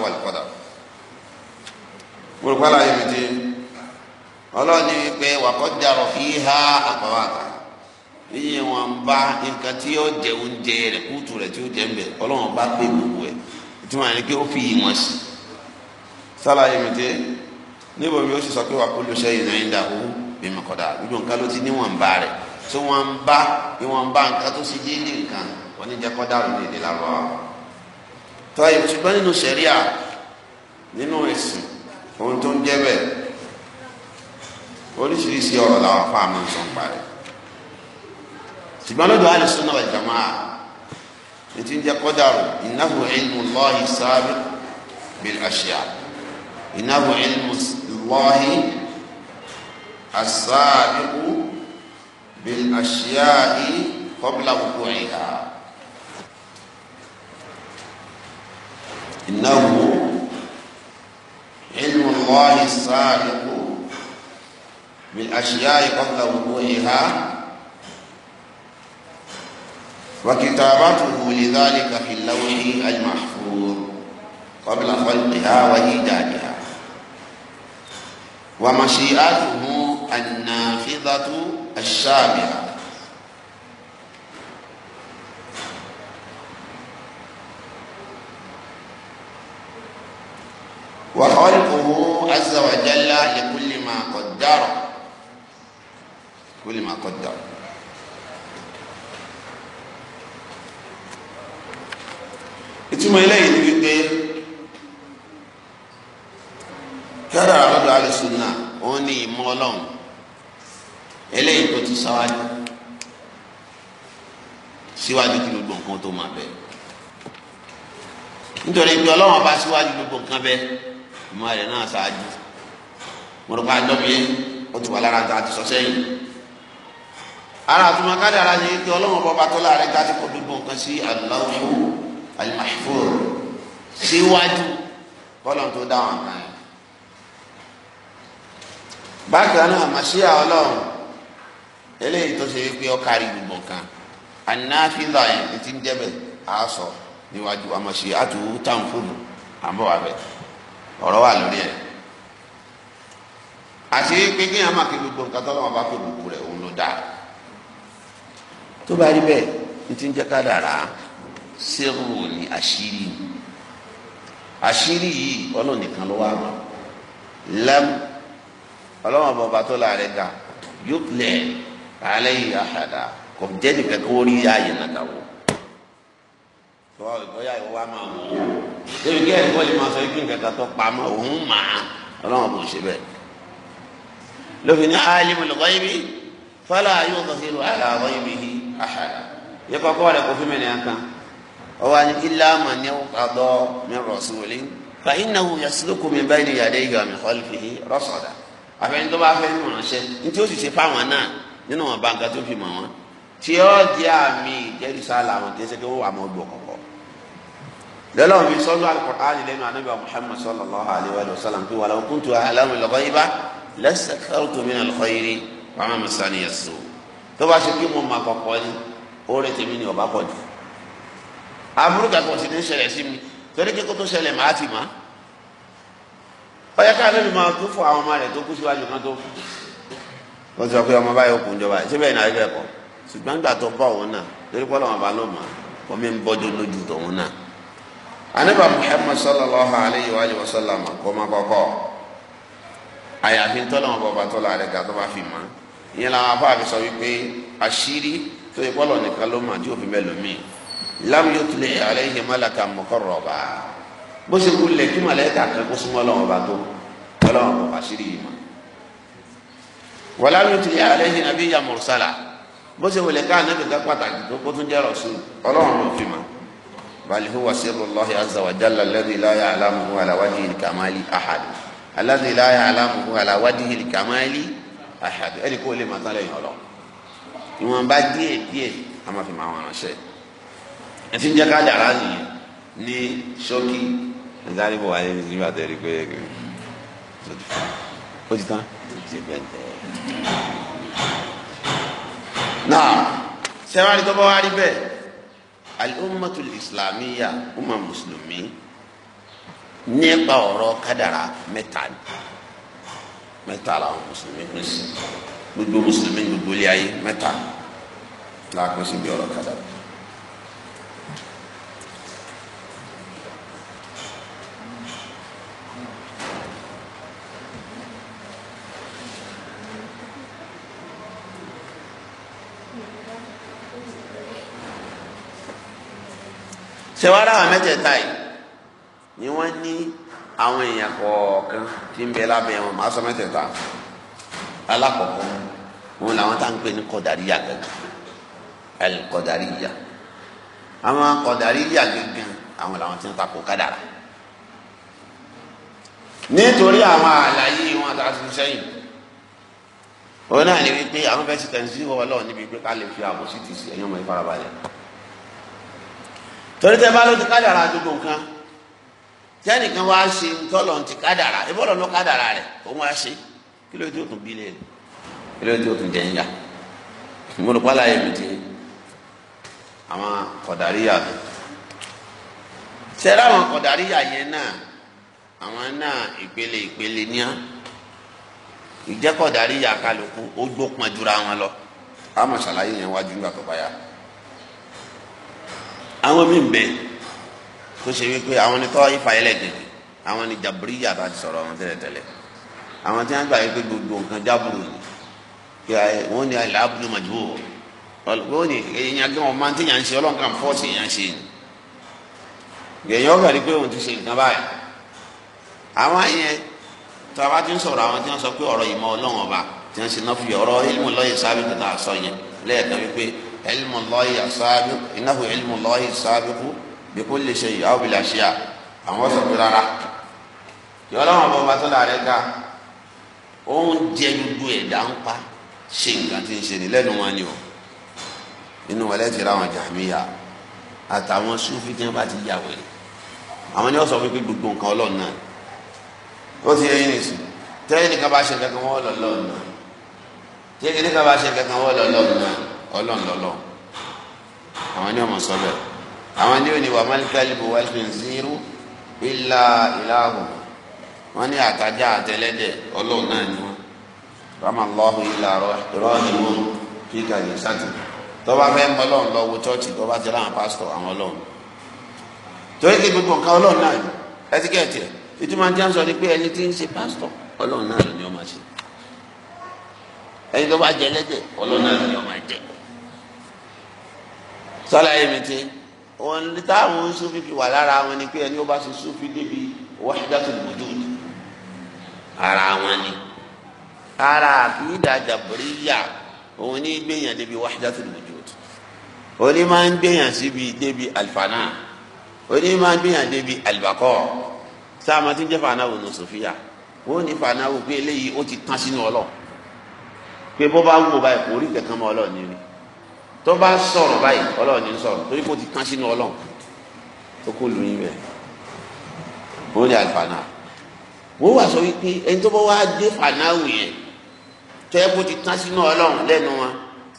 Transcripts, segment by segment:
wal qadar gbogbo aláyé mi ti ọlọ́ọ̀ni wípé wàkọ́ jarọ̀ fi há àpàwàtà iye wọn bá nǹkan tí yóò jẹ oúnjẹ rẹ kútu rẹ tí yóò jẹ ń bẹ ọlọ́wọ́n bá pé gbogbo ẹ̀ ìtumọ̀ yẹn ni kí ó fi ìwọ̀n sí sálàyé mi ti níbo mi ó sì sọ pé wà kó ló ṣe ìrìn àyìn dàbò bímọ kọdà gbogbo nǹkan ló ti níwọ̀nba rẹ̀ tí wọ́n ń bá ìwọ̀nba nǹkan tó ṣe déédéé nǹkan oníjẹkọ́dà rẹ̀ lè dé lárọ́ àwọn tọ́yì ṣùgbọ́n nínú sẹ̀ríà nínú ẹ̀sìn ohun tó ń jẹ́ bẹ́ẹ̀ oríṣiríṣi ọ̀rọ̀ làwọn afá mi ń sọ ń parẹ́ ṣùgbọ́n lọ́dọ̀ àlùsùn náà jàmá ètí ń jẹ́ kọ́dàrú innahu ilmu Allahi sabiq bil ashya innahu ilmu Allahi as-sabiq bil ashya'i qabla wuqu'iha. إنه علم الله السابق بالأشياء قبل وقوعها وكتابته لذلك في اللوح المحفور قبل خلقها وإيجادها ومشيئته النافذة الشاملة وخلقه عز وجل لكل ما قدر كل ما قدر ìtumọ̀ eléyìí ni wípé kẹ́rọ àlọ́dọ̀ àlùsùnà òun ni ìmọ̀ ọlọ́run eléyìí tó ti sáwájú síwájú kí gbogbo nǹkan tó máa bẹ nítorí pé ọlọ́run bá síwájú gbogbo nǹkan bẹ́ẹ̀. a rẹ̀ náà ṣáájú mo rò pé àjọbí ó ti wà lára ta àti sọ ara àtúmọ̀ kádàrá ni pé ọlọ́run bọ́ba tó láàrin ká ti kọ gbogbo nǹkan sí aláwọ̀ alimahfur síwájú bọ́lọ̀ tó dáhùn àná bákan náà màṣíà ọlọ́run eléyìí tó ṣe gbogbo nǹkan anáfíìlà ti ń bẹ́ẹ̀. ọ̀rọ̀ wà lórí ẹ̀ àti pé kí èèyàn máa kí gbogbo nǹkan tó lọ́wọ́ bá pè gbogbo rẹ̀ òun ló dáa tó bá rí bẹ́ẹ̀ ní ti ń jẹ́ kádàrá sẹ́rù ní àṣírí àṣírí yìí ọlọ́run nìkan ló wà mọ́ lẹ́m ọlọ́run bọba tó láàrẹ̀ ga yóò lẹ̀ alẹ́ yìí àhàdà kò jẹ́ nìkan kó rí ààyè nàdàwọ̀ tọ́ ìtọ́yà ìwọ wa máa mú un débi kí ẹ̀kọ́ lè máa sọ ikú nǹkan kan tó pamọ́ òun mà á ọlọ́run kò ṣe bẹ́ẹ̀ lófin ní alimul ghaibi fala yudhiru ala ghaibihi ahada yẹ kọ́kọ́ rẹ̀ kó fún mi nìyẹn kan ọwọ́ àni illa man yuqada min rasulin fa innahu yasluku min bayni yadayhi wa min khalfihi rasada àfẹn tó bá fẹ́ ní ránṣẹ́ ní tí ó sì ṣe fáwọn náà nínú tí ó jẹ́ àmì ìjẹ́rìsà lọ́lọ́run fi sọ́jú alukọ̀tàánì lẹ́nu anábìá muhammad sallallahu alayhi wa sallam fi wàlá kuntu alamu lọ́kọ́yìnbá lẹ́sẹ̀ kárùtù mi nà lọ́kọ́yìnrí wàhán masani yasu tó bá ṣe kí mo máa kọ̀kọ́ ni oore tèmi ni ọba pọ̀ jù aburú kakọ̀ sí ní ṣẹlẹ̀ sí mi torí kíkó tó ṣẹlẹ̀ máa ti máa ọyẹ ká lónìí máa tó fún àwọn ọmọ rẹ tó kú síwájú kan tó fún ó sọ anaba muhammad sallallahu alayhi wa sallam kọ́má kọ́kọ́ àyàfi ntọ́lọ́ wọn bọ̀bá tọ́lọ́ àrẹ gàdọ́ bá fi mọ́ ìyẹn làwọn afọ àfi sọ wípé àṣírí tó yẹ kọ́lọ̀ nìkan ló mà tí ó fi bẹ́ẹ̀ lómi lam yutli alayhi malakan muqarraba bó ṣe kú lẹ̀ kí màlẹ́kà kan kó súnmọ́ lọ́wọ́ bá tó ọlọ́wọ́ bọ̀bá àṣírí yìí mọ́ wala yutli alayhi nabiyyan mursala bó ṣe wọlé ká anabi ká pàtàkì tó kó tún jẹ́ rọ̀ṣù ọlọ́wọ́ ló fi mọ́. بل هو سر الله عز وجل الذي لا يعلمه على وجه الكمال أحد الذي لا يعلمه على وجه الكمال أحد ẹni kò lè máa tán lẹ́yìn ọlọ ìwọ̀nba díẹ̀ díẹ̀ a máa fi máa wọn ránṣẹ́ ẹtí ń jẹ ká dàrá nìyẹn ní ṣókí nítorí bò wá ní ibi nígbà tẹ́lẹ̀ pé ó ti tán ṣe bẹ́ẹ̀ tẹ́ náà ṣẹ́wárí tó bá wá rí bẹ́ẹ̀ al-ummatul islamiyya umma mùsùlùmí nípa ọ̀rọ̀ kádàrá mẹ́ta mẹ́ta làwọn mùsùlùmí pín sí gbogbo mùsùlùmí gbogbo ilé ayé mẹ́ta làwọn pín sí bí ọ̀rọ̀ ṣẹwárà àwọn mẹ́tẹ̀ẹ̀ta yìí ni wọ́n ní àwọn èèyàn kọ̀ọ̀kan tí ń bẹ lábẹ́ wọn máa sọ mẹ́tẹ̀ẹ̀ta alákọ̀ọ́kọ́ wọn làwọn tá à ń pè ní kọ̀dàríyà gẹ́gẹ́ ẹ̀lùkọ̀dàríyà àwọn kọ̀dàríyà gẹ́gẹ́ àwọn làwọn tí ń takò kádàrà nítorí àwọn àlàyé wọn àti sẹ́yìn òun náà ní wípé àwọn fẹ́ẹ́ ṣe tẹ̀síwọ́ ọlọ́ọ̀ níbi pé ká lè fi àbòsí tì sí ẹ̀yìn ọmọ ìfarabalẹ̀ torí tẹ bá ló ti kádàrà gbogbo nǹkan tẹnìkan wá ṣe ntọ́lọ̀ ti kádàrà ìbọ̀lọ̀ ló kádàrà rẹ̀ òun wá ṣe kí ló dé òtún bílẹ̀ kí ló dé òtún jẹ̀yìnlá mo rò pálá yẹn mi ti àwọn kọ̀dàríyà mi sẹ́rẹ́ àwọn kọ̀dàríyà yẹn náà àwọn náà ìpele ìpele níà ìjẹ́kọ̀dàríyà kálukú ó gbó pọn jura wọn lọ àmọ̀ ṣàlàyé yẹn wájú nígbà tó bá yà àwọn míì bẹ tó ṣe wípé àwọn ni tọ́ ifá ẹlẹ́gẹ̀dẹ̀ àwọn ni jàbúríyà tá a ti sọ̀rọ̀ àwọn tẹ́lẹ̀tẹ́lẹ̀ àwọn tí wọ́n gbà wípé gbogbo nǹkan jábùrù ni kí wọ́n ní àìlà abúlé màjú wò wọ́n ní èèyàn gbé wọn máa ń tẹ̀yàn ń ṣe ọlọ́nkàn fọ́ọ̀sì èèyàn ṣe ni èèyàn ọ̀gá rí pé òun ti ṣe nǹkan báyìí àwọn yẹn tó a bá ti ń sọ̀rọ̀ àwọn tí wọ́n sọ pé ọ̀rọ̀ ìmọ̀ ọlọ́run ọba tí wọ́n ṣe náà fi ọ̀rọ̀ ilmu lọ́yẹ̀ sábẹ́ tó sọ yẹn lẹ́yìn wípé علم الله السابق إنه علم الله السابق بكل شيء أو بالأشياء àwọn sọ pé rárá yọlọ́wọ́n bá ọba tó láàrẹ ká ó ń jẹ gbogbo ẹ̀dá ń pa ṣe nǹkan tí ń ṣe ní lẹ́nu wọn ni o inú wọn lẹ́tì ra àwọn jàmíyà àtàwọn sufi tí wọn bá ti yà wẹ̀rẹ̀ àwọn ni wọn sọ fún pé gbogbo nǹkan ọlọ́run náà ó ti yẹn nìsí tẹ́lẹ̀ nìkan bá ṣe kankan wọ́n lọ́ọ́ lọ́ọ̀ náà tẹ́lẹ̀ nìkan bá ṣe kankan wọ́n lọ́ọ́ lọ́ọ̀ náà ọlọ́run lọ́lọ́ àwọn ni ọmọ sọ bẹ́ẹ̀ àwọn ni òní wà mọ́lẹ́kẹ́lì bò wẹ́lẹ́ fi ń zírú ilá ìlàhùn wọn ní àtàjà àtẹlẹ́dẹ̀ ọlọ́run náà ni wọn ramallahu ilá rọ́ọ̀dì wọn fíkà ní sátì tọ́ba fẹ́ mọ ọlọ́run lọ́wọ́ chọ́ọ̀chì tọ́ba ti láwọn pásítọ̀ àwọn ọlọ́run torí kí gbogbo nǹkan ọlọ́run náà ẹtíkẹ́ẹ̀tì ẹ̀ ìtumọ̀ àti àǹsọ̀ ni pé ẹni tí ń ṣe pásítọ̀ ọlọ́run náà ló ní ọmọ ṣe ẹni tó bá jẹ ẹlẹ́dẹ̀ ọlọ́run náà ló ní ọmọ ẹ̀jẹ̀ sọlá yẹn mi ti wọn ní táwọn sufi fi wà lára wọn ni pé ẹni ó bá ṣe sufi débi wahdatul wujud ara wọn ni ara àkúdà jàbúríyà òun ní gbẹ̀yàn débi wahdatul wujud òní máa ń gbẹ̀yàn síbi débi alifana òní máa ń gbẹ̀yàn débi alibakọ sáàmà tí ń jẹ́ fanawo nù sofia wọ́n ní fanawo pé eléyìí ó ti tán sínú ọlọ́ pé bó bá wù báyìí kò rí kẹ̀kẹ́ mọ́ ọlọ́ọ̀ níbi tó bá sọ̀rọ̀ báyìí ọlọ́run ní sọ̀rọ̀ torí kò ti kán sínú ọlọ́run tó kó lu yín bẹ̀ wọ́n ní àlùfààná wọ́n wà sọ wípé ẹni tó bá wá dé fànáwù yẹn tó yẹ kó ti kán sínú ọlọ́run lẹ́nu wọn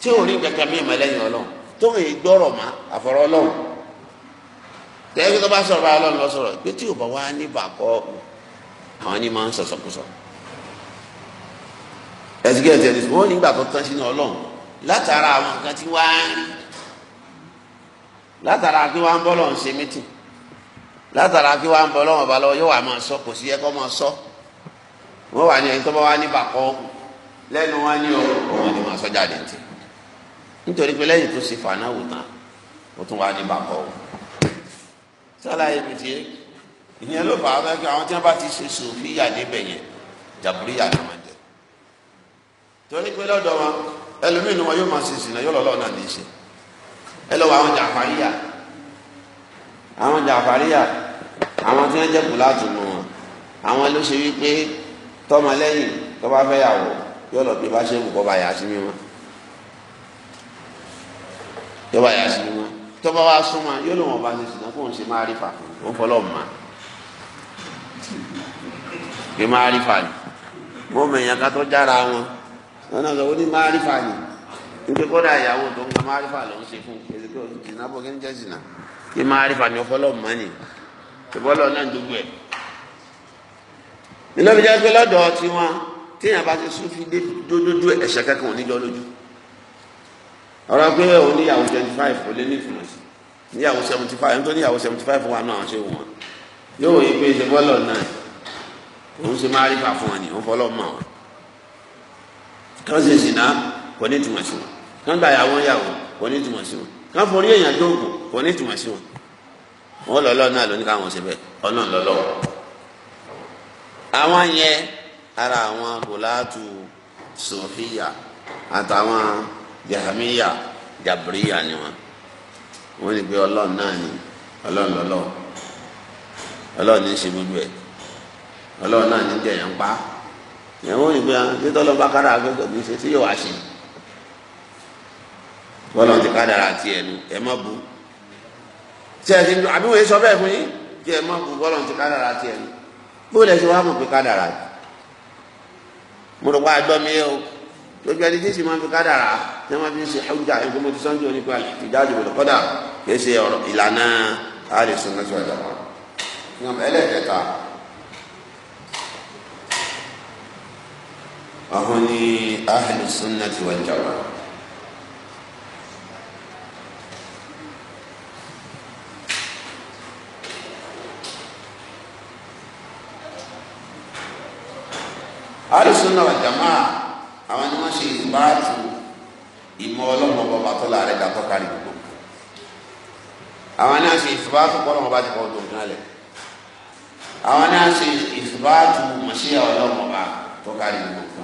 tí ò rí kẹkẹ mí ìmọ̀ lẹ́yìn ọlọ́run tó ń gbọ́rọ̀ mọ́ àfọ̀rọ̀ ọlọ́run tẹ́lẹ̀ tó bá sọ̀rọ̀ bá ọlọ́run lọ sọ̀rọ̀ pé tí ò bá wá ní bàkọ́ àwọn ni máa ń sọ̀sọ̀kùsọ̀ ẹ̀sìkẹ́ ẹ̀sìkẹ́ ẹ̀sìkẹ́ wọ́n nígbà tó tán sínú ọlọ́run látara àwọn nǹkan tí wàá ń látara kí wàá ń bọ́ lọ́wọ́ ń ṣe mítìn látara kí wàá ń bọ́ lọ́wọ́ yóò wà máa sọ kò sí ẹ̀kọ́ máa wọ́n wà ní ẹni wà ní bàkọ́ lẹ́nu wá ní ọ̀rọ̀ òun jáde ntì nítorí lẹ́yìn tó ṣe tán tún wà ní bàkọ́ o sálàyé mi fà á fẹ́ kí ẹlòmíì ni wọn yóò máa ṣe ìsìn náà yóò lọ́lọ́ náà lè ṣe ẹ lọ́wọ́ àwọn jàǹfàríyà àwọn jàǹfàríyà àwọn tí wọ́n jẹ́ kù láti mọ̀ wọn àwọn ló ṣe wípé tọmọlẹ́yìn tó bá fẹ́ yàwó yóò lọ bí bá ṣe wù kọ́ bá yà sí mímọ́ yóò bá yà sí mímọ́ tó bá wá súnmọ́ yóò lọ́wọ́ bá ṣe ìsìn náà kóun ṣe máa rí fà fún fọlọ́ mọ́ kí máa rí fà ní mọ́ mẹ́yìn akátọ́ jára wọn wọn náà sọ wọn ní márífà ni ìyàwó tó ń ka márífà ló ń ṣe fún èsì pé oṣù tì kí ń jẹ́ sìnà kí márífà ni ọfọlọ́ mọ́ ni ìbọ́lọ́ náà gbogbo ẹ̀. nínú ìjà pé lọ́dọ̀ tí wọn téèyàn bá ti sún fi dé dódódó ẹ̀ṣẹ̀ kankan ò lọ lójú ọ̀rọ̀ pé òun níyàwó twenty five kò lé ní ìfúnná sí níyàwó seventy five kán ṣe ṣìnà kò ní ìtumọ̀ sí wọn kán gba ìyàwó yàwó kò ní ìtumọ̀ sí wọn kán forí èèyàn tó kù kò ní ìtumọ̀ sí wọn. wọn lọlọ náà ló ní káwọn ṣe bẹ́ẹ̀ Ọlọ́run lọlọ. àwọn yẹn ara àwọn kòláàtù sọfíà àtàwọn jahamiya jabriya ni wọn wọn ní pé Ọlọ́run náà ni Ọlọ́run lọlọ Ọlọ́run ní í ṣe gbogbo ẹ Ọlọ́run náà ní í jẹyàn pa ìyàwó ìgbé nítọ́lọ́ bá kára akẹ́kọ̀ọ́ ní ṣe tí yóò wá ṣe bọ́lá ti ká dára tiẹ̀ nu ẹ má bu tí ẹ ti nu àbí wòye sọ bẹ́ẹ̀ fún yín kí ẹ má bu bọ́lá ti ká dára tiẹ̀ nu bó lẹ ṣe wá mọ̀ pé ká dára mo rò pa àgbọ̀ mi o lójú ẹni tí sì máa fi ká dára tí wọ́n fi ṣe ẹ̀wùjà ẹ̀kọ́ mo ti sọ́njú onípa ìdájọ́ ìbẹ̀rẹ̀ kọ́dà kì í ṣe ìlànà àdìsúnmọ́sọ̀ ẹ̀dá ní ahlu sunnati wal jamaa. ahlu sunnati wal jamaa àwọn ni wọ́n ṣe ìbáàtú ìmọ̀ ọlọ́mọ bàbá tó láàrẹ̀ dàtọ́ kárí gbogbo àwọn náà ṣe ìfibáàtú kọ́lọ́mọ bá ti kọ́ ọdún kan lẹ̀ àwọn náà ṣe ìfibáàtú mọ̀ṣíyà ọlọ́mọ bá tó kárí gbogbo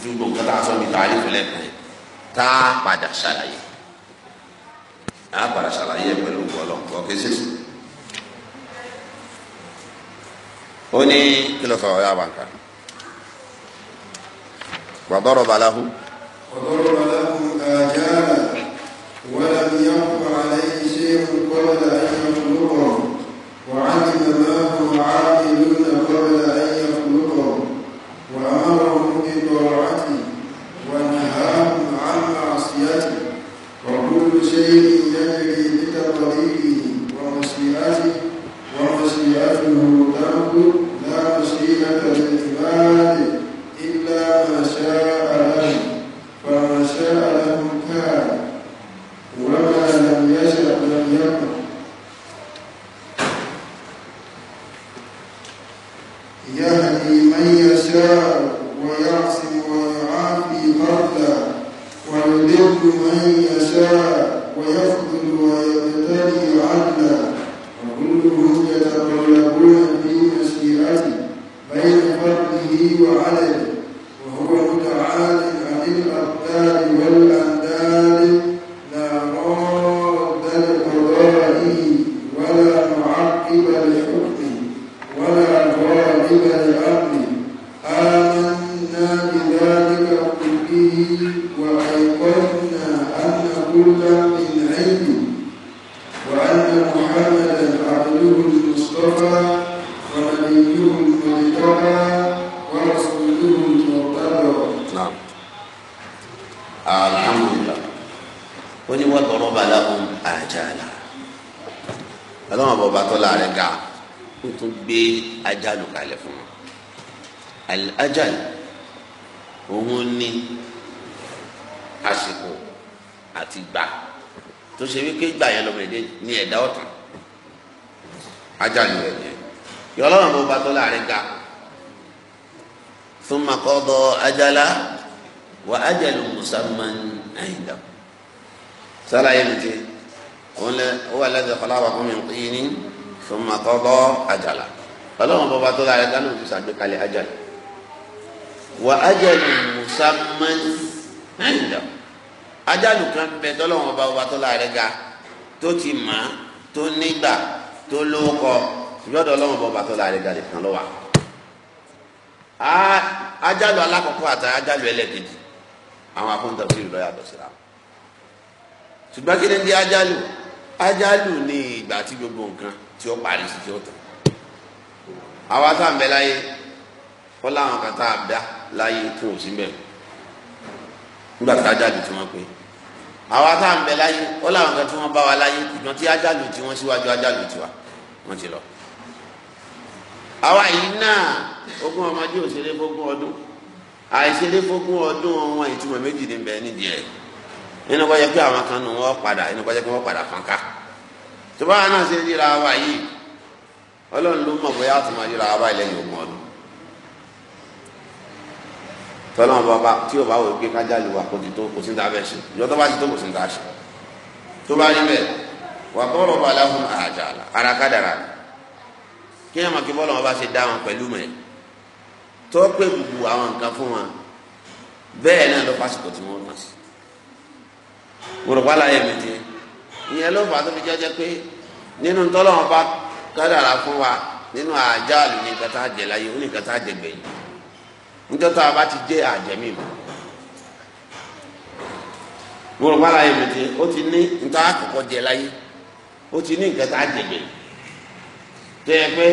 àti gbogbo nǹkan tá a sọ mi ta yóò fẹlẹ pẹ tá a padà ṣàlàyé a padà ṣàlàyé ẹ pẹ̀lú ọlọpọ kéṣe. ó ní kí ló sọ ọ yá bàǹkà wàdọrọ balahu. wàdọrọ balahu àjàrà wàlámi yàn kọ àlẹ́ yìí ṣé kọ́lá yàn lóko wàhálà mẹ́lẹ́ wàhálà. آل من tó lára gánà òsì sàgbékalẹ̀ ajali wà ajali musamman ẹ̀ńdà ajali kan bẹ tọ́lọ́wọ́n ọba ọba tó lára ga tó ti mà á tó nígbà tó lóko yọ̀dọ̀ ọlọ́wọ́n ọba tó lára ga nìkan lọ́wọ́ ajali alákọ̀ọ́kọ́ àti ajali ẹlẹ́kejì àwọn akóńtà sí ìlú lọ́yà lọ́síra ṣùgbọ́n kí ni di ajali ni ìgbà tí gbogbo nǹkan tí ó parí sí tí ó tán àwa tá à ń bẹ láyé kọ́ láwọn kan tá a dá láyé tó o sí bẹ́ẹ̀ nígbà tá a jáde tí wọ́n pé àwa tá à ń bẹ láyé kọ́ láwọn kan tí wọ́n bá wa láyé ìgbọ́n tí ajálù tí wọ́n síwájú ajálù tiwa wọ́n ti lọ. àwa yìí náà ogún ọmọdé òṣèré fógún ọdún àìṣeré fógún ọdún wọn ìtumọ̀ méjì ní bẹ́ẹ̀ nídìí ẹ̀ nínú kọ́ yẹ pé àwọn kan nù wọ́n padà nínú kọ́ pé wọ́n padà fọ́nká tó báwa náà ṣe ríra ọlọ́run ló mọ̀ bóyá àtúmọ̀ yíra wa báyìí lẹ́yìn ogún ọdún tọ́lọ́mọ bàbá tí ò bá wò pé kájà lù wà kó ti tó kò sí ní ta bẹ́ẹ̀ ṣe ìjọ tó bá ti tó kò sí ní ta ṣe tó bá rí bẹ́ẹ̀ wà bọ́ọ̀rọ̀ bá aláhùn àjà àlà ara kádàrà kí ẹ̀ mọ̀ kí bọ́ọ̀lù wọn bá ṣe dá wọn pẹ̀lú mẹ́ tó pé gbogbo àwọn nǹkan fún wọn bẹ́ẹ̀ náà ló pásítọ tí wọn mọ sí mo rò pálá yẹ mi ti ìyẹn ló fà á tó fi jẹ́jẹ́ pé nínú tọ́lọ́mọ bá kádàrá fún wa nínú àjálù ní nǹkan tá a jẹ láyé ó nǹkan tá a jẹ gbẹ̀yìn nítorí a bá ti jẹ àjẹmí mọ́ wọ́n wá láyé mi ti ó ti ní nǹkan àkọ́kọ́ jẹ láyé ó ti ní nǹkan tá a jẹ gbẹ̀yìn tó yẹ pé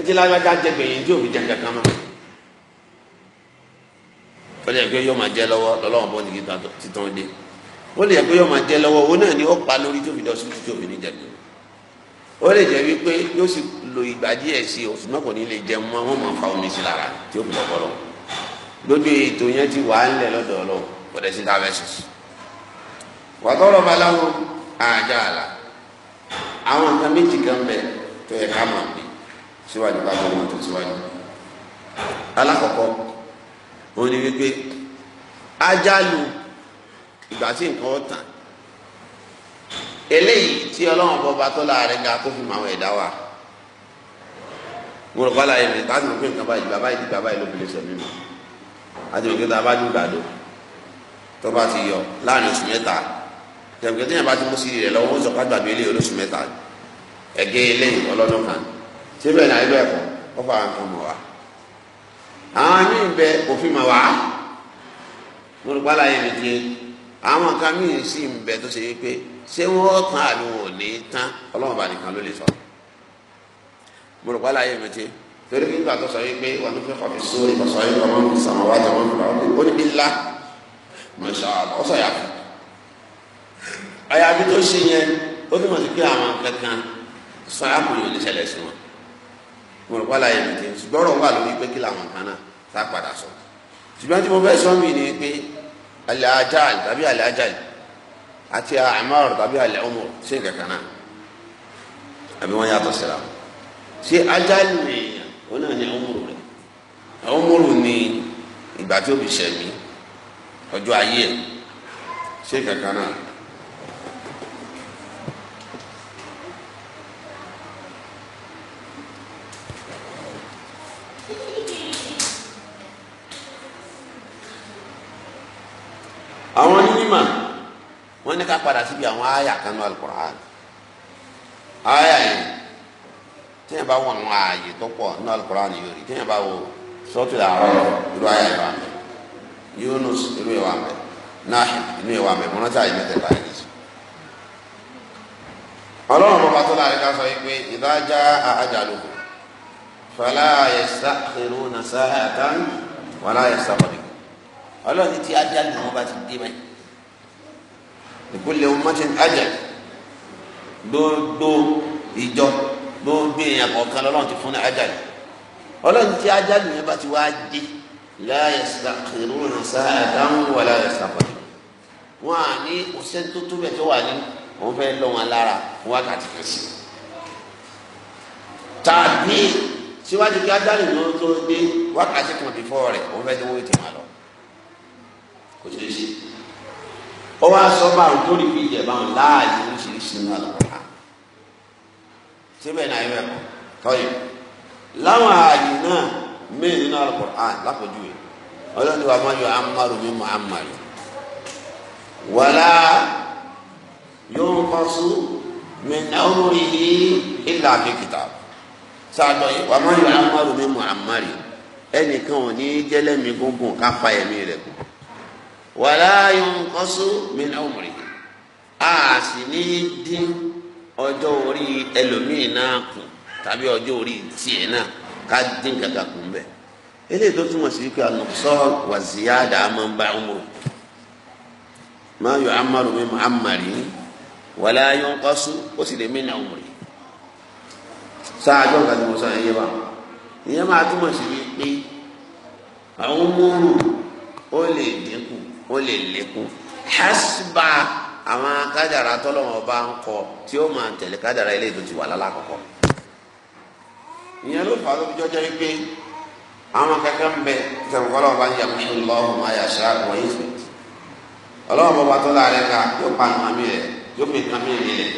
ntí lágbájá jẹ gbẹ̀yìn tí jẹ kankan mọ́ ó lè yóò máa jẹ lọ́wọ́ bọ́ dé ó lè ni ó pa lórí tí sí tí ó lè jẹ́ wípé yóò sì lo ìgbà díẹ̀ sí oṣù náà kò ní lè jẹun mọ́ wọ́n máa fa omi sí lára tí ó fi lọ́kọ́ lọ lójú ètò yẹn ti wà á ń lẹ̀ lọ́dọ̀ ọlọ́run kò dẹ̀ sí ta fẹ́ sùn wàtọ́rọ̀ baláwo àjà àlà àwọn nǹkan méjì kan bẹ tó yẹ ká mọ̀ bí síwájú bá tó mọ̀ tó síwájú alákọ̀ọ́kọ́ òun ni wípé àjálù ìgbà tí nǹkan ọ̀tàn eléyìí tí ọlọ́run bọba tó láàrin ga tó fi mọ wa mo rò wá láyé mi láti mọ̀ pé nǹkan báyìí bàbá yìí bàbá yìí ló fi tó bá ti yọ láàrin oṣù mẹ́ta tẹ̀wé tí bá ti mú sí lọ́wọ́ ó sọ ká olóṣù mẹ́ta ẹ̀gẹ́ ọlọ́dún kan ṣé bẹ́ẹ̀ náà ó fà á nǹkan mọ̀ wá. àwọn míì bẹ òfin ṣé wọ́n tán àbí wọn ò ní tán ọlọ́run bá nìkan ló lè sọ. mo rò pálá ayé mi ti torí kí n gbà tó sọ wípé wà ló fẹ́ kọ́ fi sórí ọ̀sọ̀ yìí ọmọ mi sàn wá jọ wọn fúnra ó ní bí ńlá mọ̀ṣá ọ̀sọ̀ yà fún. àyàfi tó ṣe yẹn ó túmọ̀ sí pé àwọn kankan sọ àkùnrin ò ní ṣẹlẹ̀ sí wọn. mo rò pálá ayé mi ti ṣùgbọ́n ọ̀rọ̀ wà lórí pé kí làwọn kan náà sá padà sọ. ṣùgbọ́n tí mo fẹ́ sọ mí ni pé àlẹ́ àjáàlì tàbí àlẹ́ àti àmọ́r tàbí àlẹ́ ọmọ ṣé kankan náà àbí wọ́n yàtọ̀ síra ṣé ajálù èèyàn ó náà ní ọmọ rẹ̀ ọmọ rẹ̀ ní ìgbà tí ó fi ṣẹ̀mí ọjọ́ ayé ẹ̀ ṣé kankan náà. wọ́n ní ká padà síbi àwọn àyà kan ní alukur'an àyà yẹn téèyàn bá wọ àwọn ààyè tó pọ̀ ní alukur'an yóò rí bá wọ sọ́ọ̀tù làárọ̀ irú àyà yẹn wà mẹ́ Yunus irú yẹn wà mẹ́ Nahi irú yẹn wà mẹ́ mọ́nátì àyè mẹ́tẹ̀ẹ̀ta yẹn nìyí. ọlọ́run bọ́ba tó láàrin ká sọ pé ìdájá àjálù fàlà ayẹsà kẹrù nàṣà àtàn wàlà ayẹsà kọ̀dìkù ọlọ́run ti ajálù náà wọ́n bá ti dé báyìí ìkúlẹ̀ ọmọdé ajẹ gbogbo ìjọ gbogbo èèyàn kọ̀ọ̀kan lọ́lọ́run ti fún ní ajali ọlọ́run tí ajali yẹn bá ti wá dé láyé sàkérò ní sáàdáhùn wà láyé sàkérò wọn à ní òṣèlú tó tó bẹ̀ tó wà ní wọn fẹ́ lọ wọn lára wákàtí kan sí tàbí síwájú kí ajali yẹn tó dé wákàtí kan bífọ́ rẹ̀ wọn fẹ́ dé wọ́n ètò wọn lọ kò tó ṣe ó wá sọ báwọn tó rí bí ìjẹ̀báwọn láàyè oríṣiríṣi náà lọ́wọ́ ká síbẹ̀ náà ẹ̀rọ ẹ̀kọ́ tọ́yọ̀ láwọn ààyè náà mẹ́rin nínú Al-Qur'an lápòjúwe ọlọ́ni wa máa yọ amáru mi mọ amáru wàlá yóò kọ́sù mi náwó yìí ìlà mi kìtà sáàdọ̀ yìí wa máa yọ amáru mi mọ amáru ẹnìkan ò ní jẹ́lẹ́mí gúngún ká fa ẹ̀mí rẹ̀ gùn wàlá yunqasu min umri a sì ní dín ọjọ́ orí ẹlòmíì náà kù tàbí ọjọ́ orí tiẹ̀ náà ká dín kàkà kù ń bẹ̀ eléyìí tó túmọ̀ sí wípé ànàkùsọ́ wà ziyada máa ń bá umru ma yu'ammaru min mu'ammari wàlá yunqasu ó sì lè min umri sáájọ́ nǹkan tí mo sọ yẹn wa ìyẹn máa túmọ̀ sí wípé àwọn múrù ó lè dínkù ó lè lékún hasba àwọn kádàrà tọ́lọ́wọ́n bá ń kọ tí ó máa tẹ̀lé kádàrà ilé ìdó ti wà lálàkọ̀kọ́ ìyẹn ló fà á lóbi jọjọ yìí pé àwọn kankan ń bẹ tẹ̀wọ́kọ́lọ́ bá ń yàgò fún lọ́wọ́ máa yà ṣá wọ́n yìí fún ọlọ́wọ́n bọ́ba tó láàrin ká yóò pa nǹkan mi rẹ̀ yóò fi nǹkan rẹ̀ lẹ̀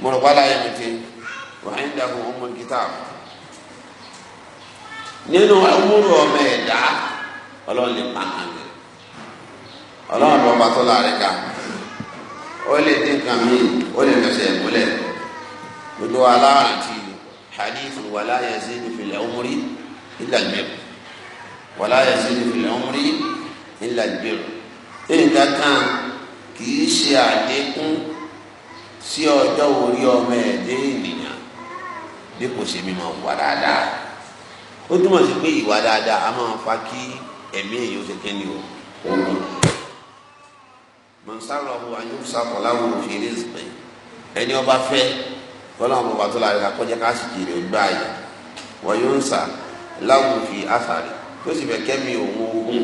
mo rò mi ti wàá ń dàgbọ́ ọmọ gítà nínú ọmọrú ọmọ ẹ̀dá ọlọ́run pa nǹkan ọlọ́run bọ́ bá tó láàrin ká ó lè dín kan mí ó lè fẹsẹ̀ múlẹ̀ gbogbo aláàrin ti hadith wàlá yazidu fil umri illa al-bir wàlá yazidu fil umri illa al-bir nǹkan kan kì í ṣe àdékún sí ọjọ́ orí ọmọ ẹ̀dẹ́ ènìyàn bí kò ṣe mímọ wà dáadáa ó túmọ̀ sí pé ìwà dáadáa a máa fa kí ẹ̀mí èyí ó ṣe kẹ́ni o mọ̀nsáròhù ayọ́sàkọ̀ láwọn òfin rìsìkì ẹni ọba fẹ́ kọ́lá ọmọ bàtọ́ la rẹ̀ kọjá ká sì jèrè ọgbà yìí wọ́n yóò ń sà láwọn òfin àfàrí tó sì fẹ́ kẹ́mi òun ogun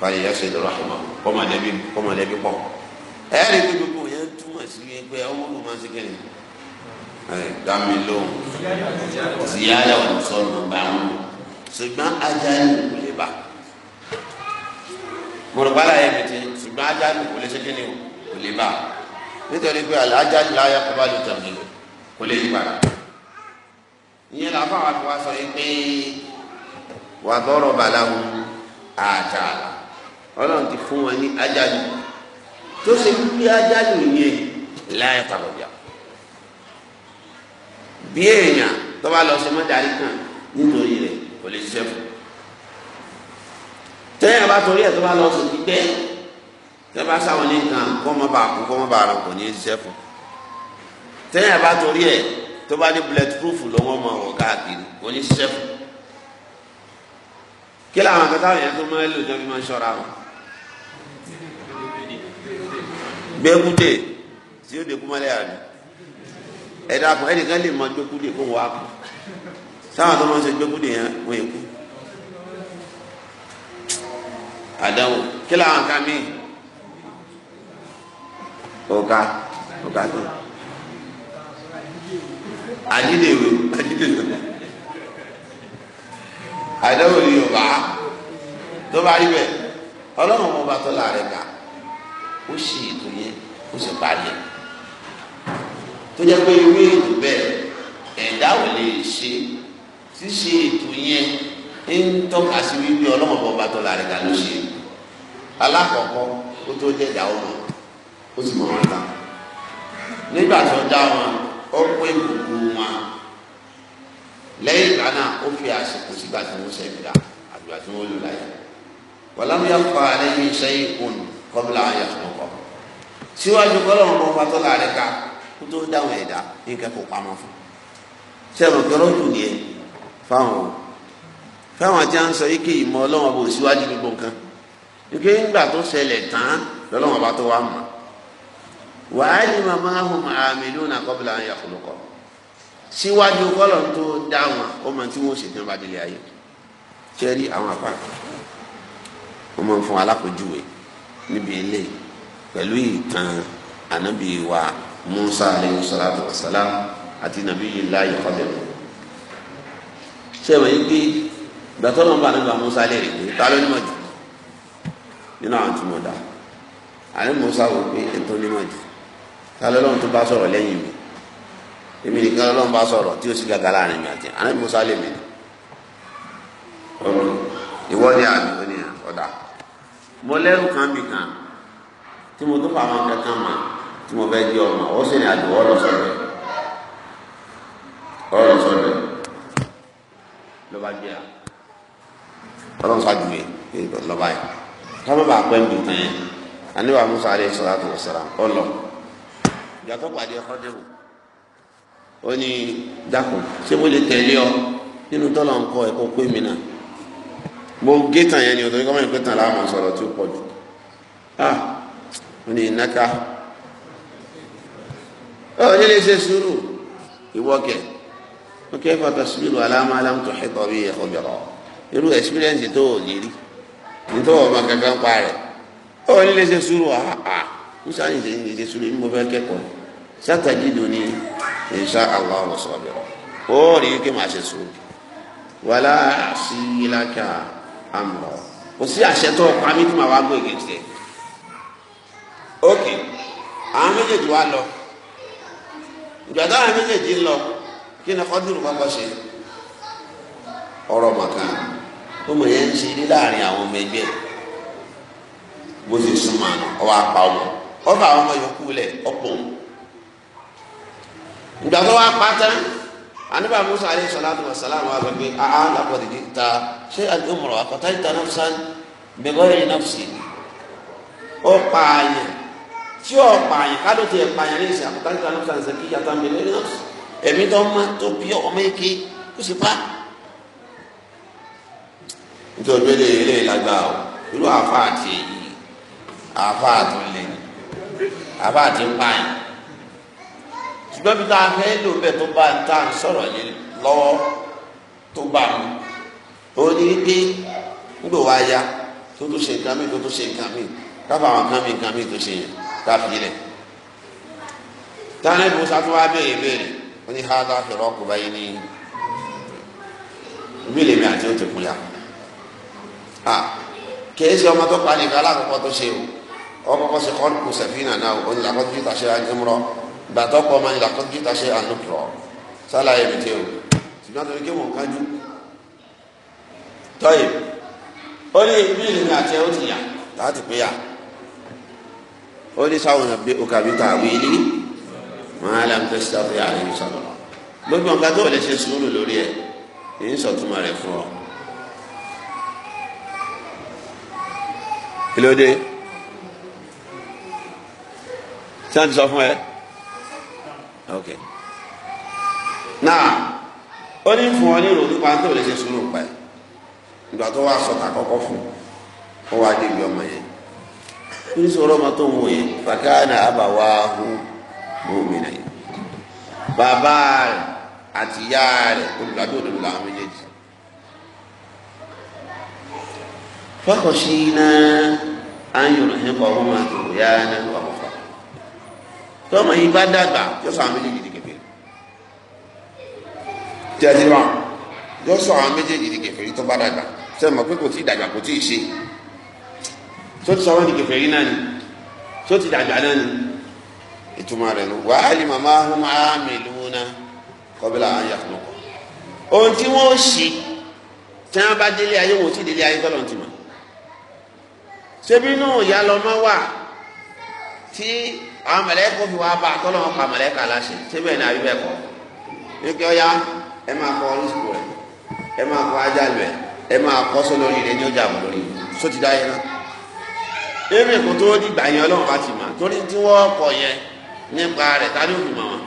fàyè ẹsẹ̀ lọ́rọ̀ àmọ́ kọ́mọdébí kọ́mọdébí pọ̀ ẹ̀rí pé gbogbo yẹn túmọ̀ sí pé ọmọ ọmọ máa ń ṣe kẹ́lẹ́ dami lóhùn ziyara olùsọ̀rọ̀ báwọn ṣùgbọ́n ajá yìí kò lè bá mọ̀rọ̀ bá láyé ṣùgbọ́n ajáde kò lè ṣe kí ni o kò lè bá a nítorí pé àlẹ́ ajáde láyà kó bá lè tẹ̀lé kò lè yí padà. ìyẹn la fáwọn àti wá sọ yìí pé wà dọ́rọ̀ balahun àjà ọlọ́run ti fún wọn ní ajáde tó ṣe bí ajáde yẹn láyà pàbọ̀ bí èèyàn tó bá lọ ṣe mọ́jàrí kan nítorí rẹ̀ kò lè ṣiṣẹ́ fún un tẹ́yìn bá torí ẹ̀ tó bá lọ sùn gbígbẹ́ tẹ́ bá sáwọn ní nǹkan kọ́ mọ́ bá kú kọ́ mọ́ bá ràn kò ní í ṣiṣẹ́ fún tẹ́yìn bá torí ẹ̀ tó bá ní bullet proof lọ́wọ́ mọ̀ ọ̀rọ̀ káàkiri kò ní ṣiṣẹ́ fún kí làwọn akẹ́kọ̀ọ́ yẹn tó máa ń lò jọ́bí máa ń ṣọ́ra wọn. gbẹ́kúdé tí ó dekú mọ́lẹ́ àná ẹ̀dá kan ẹnìkan lè mọ gbẹ́kúdé kó wọ́n á kú sáwọn tó máa ń ṣe gbẹ́kúdé yẹn wọ́n yẹ kú. àdáwò kí làwọn akẹ́kọ̀ọ́ ọ̀ka ọ̀ka tó àjídèwé àjídèwé àdáwò ni yorùbá tó bá rí bẹ́ẹ̀ ọlọ́run ọba tó la rẹ̀ gà ó sì ètò yẹn ó sì parí ẹ̀ tó jẹ́ pé irú ètò bẹ́ẹ̀ ẹ̀dá ò lè ṣe ṣíṣe ètò yẹn ń tọ́ka sí wípé ọlọ́run ọba tó la rẹ̀ gà ló ṣe alákọ̀ọ́kọ́ ó tó jẹ́ ìdáwó mọ́ ó sì mọ wọn ta nígbà tó dá wọn ó pín gbogbo wọn lẹ́yìn ìgbà náà ó fi àsìkò sígbà tí wọ́n sẹ́yìn dá àgbà tí wọ́n lò láyé wàlámù yà kọ́ alẹ́ yìí sẹ́yìn òun kọ́bílà ayé àtúnkọ́ síwájú kọ́lọ́run kọ́ fatọ́ láàrin ká kó tó dáhùn ẹ̀dá nǹkan kó pamọ́ fún sẹ́wọ̀n kẹ́rọ́ jù nìyẹn fáwọn fáwọn àti à ń sọ yìí kí ìmọ̀ ọlọ́wọ́n bò síwájú gbogbo nǹkan nígbà tó ṣẹlẹ̀ tán lọ́lọ́wọ́n bá tó wà mọ́ wàhálìmọ̀ máa hùn àmìlú náà kọ́bìlà ń yàkùlùkọ́ síwájú kọ́lọ̀ tó dá wọn ó mọ tí wọ́n ṣe tí wọ́n bá délé ayé kẹ́rí àwọn apá wọ́n máa ń fún alákòjúwe níbi ilé pẹ̀lú ìtàn ànábì wa Musa aleyhi salatu wa salam àti nàbí ilá ìkọlẹ̀ ṣé wọ́n pé gbàtọ́ ló ń bá ànábì Musa lè pé ta ló ní mọ̀ nínú àwọn tí mo dá ànábì Musa wò pé ètò ní mọ̀ ta lọ́lọ́run tó bá sọ̀rọ̀ lẹ́yìn mi èmi nìkan lọ́lọ́run bá sọ̀rọ̀ tí ó sì gàgà láàrin mi àti àná musa lè mi ọ̀run ìwọ ni àmì ó ní ọ̀dà mo lẹ́rù kan bì kan tí mo tó fàwọn kankan mọ̀ tí mo fẹ́ jẹ́ ọmọ ó sì ní àjò ọ̀rọ̀ sọ̀rọ̀ ọ̀rọ̀ sọ̀rọ̀ ló bá gbé a ọlọ́run ṣáájú yẹ lọ́ba yẹ ká má pẹ́ ń bì yẹn àníwá musa aleyhi salatu wa salam ọlọ́run ìgbà tó pàdé Khadiru ó ní dákun ṣé mo lè tẹ̀lé ọ nínú tọ́lọ̀ ń kọ ẹ̀kọ́ pé mi náà mo gé tàn yẹn ni ọ̀tọ̀ nígbà mẹ́rin pé tàn láwọn sọ̀rọ̀ tí ó pọ̀ jù ah ó ní ìnáka ó ní lè ṣe sùúrù ìwọ́kẹ̀ ó kẹ́ fàtà sùúrù aláàmà aláàmà tó xẹ́tọ̀ bí ẹ̀kọ́ bẹ̀rọ̀ irú experience tó o lè rí nítorí ọmọ kankan pa rẹ̀ ó ní lè ṣe sùúrù ah ah musa ní ìṣe sùúrù ní mo fẹ́ kẹ́kọ̀ọ́ satajiduni insha Allah sabira ó rí kí màá ṣe sùn wàlá síláka amra kò sí àṣẹ tó pa mí tí màá wá gbé kejì ẹ ok àwọn méjèèjì wá lọ ìgbà táwọn méjèèjì ń lọ kí ni kọ́dúrú bá bọ́ ṣe ọ̀rọ̀ màkà ó mọ̀ yẹn ń ṣe ní láàrin àwọn ọmọ ẹgbẹ́ bó ṣe súnmọ́ àná ọwọ́ apá ọmọ ọba àwọn ọmọ yòókù lẹ̀ ọ̀pọ̀ òun ìgbà tó wá pátá anibà musa aleyhi salatu wa salam wa sọ pé aa lakọ̀dì di ta ṣé al-umra akọ̀tà ìta nafsan bi ghayri nafsi ó pààyàn tí ó pààyàn ká ló ti ẹ̀ pààyàn ní ìsìn akọ̀tà ìta nafsan ṣe kí yàtọ̀ mi lórí nafsi ẹ̀mí tó má tó bí ọmọ ike kó sì pa. nítorí pé lè lè lágbá o irú àfa àti èyí àfa àtúnlẹ̀ àfa àti ń pààyàn ṣùgbọ́n bí tá a fẹ́ lò bẹ́ẹ̀ tó bá tá a sọ̀rọ̀ yé lọ́wọ́ tó bá mi ó ní pé nígbà wá ya tó tó ṣe nǹkan mi tó tó ṣe nǹkan mi káfa àwọn kan mi nǹkan mi tó ṣe yẹn ká fi lẹ̀ táwọn ẹ̀dùn sáfún wa béèrè béèrè ó ní hádà fẹ̀rọ̀ kò báyìí ní ibi lèmi àti ó ti kú ya kìí ṣe ọmọ tó pa nìkan alákọ̀ọ́kọ́ tó ṣe o ọkọ̀ọ́kọ́ ṣe kọ́ sẹ̀fínà náà o ní làkọ́jú tàṣẹ́ gbàtọ́ pọ̀ ọmọ ìlà kọ́ńtà ṣe ànúkùrọ̀ sálàyé mi tẹ́ o ṣùgbọ́n torí kí wọ́n kájú tọ́yì ó ní ìbílẹ̀ mi àti ẹ̀ ó ti yà láti pé yà ó ní sáwọn ọ̀bí okàbí tàbí ilé máa làm tó ṣe tàbí ààrẹ yìí sọ̀rọ̀ gbogbo nǹkan tó lè ṣe sùúrù lórí ẹ̀ èyí sọ̀túnmọ̀ rẹ̀ fún ọ. kí ló dé? sáà ti sọ fún ẹ. ok náà ó ní fún ọ ní ìròyìn nípa tó lè ṣe sùúrù pa ẹ ìgbà tó wá sọ̀tà kọ́kọ́ fún ó wá débi ọmọ yẹn oníṣòro ọmọ tó ń wò yẹn fàkàánà àbàwá hu mọ́mìnà yẹn bàbá rẹ̀ àti ìyá rẹ̀ olùdájọ́ làwọn méjèèjì fọkànṣí náà ayọ̀rọ̀ ọmọ àti òyà tọ́mọ yìí bá dàgbà yóò sọ àwọn méjèèjì di kèfèrí tí a ti rán yóò sọ àwọn méjèèjì di kèfèrí tó bá dàgbà sẹ́yìn mọ̀ pé kò tí ì dàgbà kò tí ì ṣe tó ti sọ wọn di kèfèrí náà ni tó ti dàgbà náà ni ìtumọ̀ rẹ̀ ló wà á lè màmá ahùn máa mi lóna kọ́bílà àyà lọ́kọ̀ ohun tí wọ́n ṣe tí wọ́n bá délé ayé wọn ò tí ì délé ayé tọ́lọ́ ti mọ̀ ṣebí náà ìyá lọ́mọ wà tí àwọn mẹlẹ́kọ̀ fi wá bá àtọ́lọ́wọ́n pa mẹlẹ́kọ̀ aláṣẹ síbẹ̀ ní àbí bẹ́ẹ̀ kọ́ ẹ máa kọ ẹ máa kọ ajá lẹ̀ ẹ máa kọ́ sọ lórí rẹ̀ ní ọjà lórí dá yẹn náà. kò tó yẹn bá ti torí tí kọ nípa tá ló fi wọn.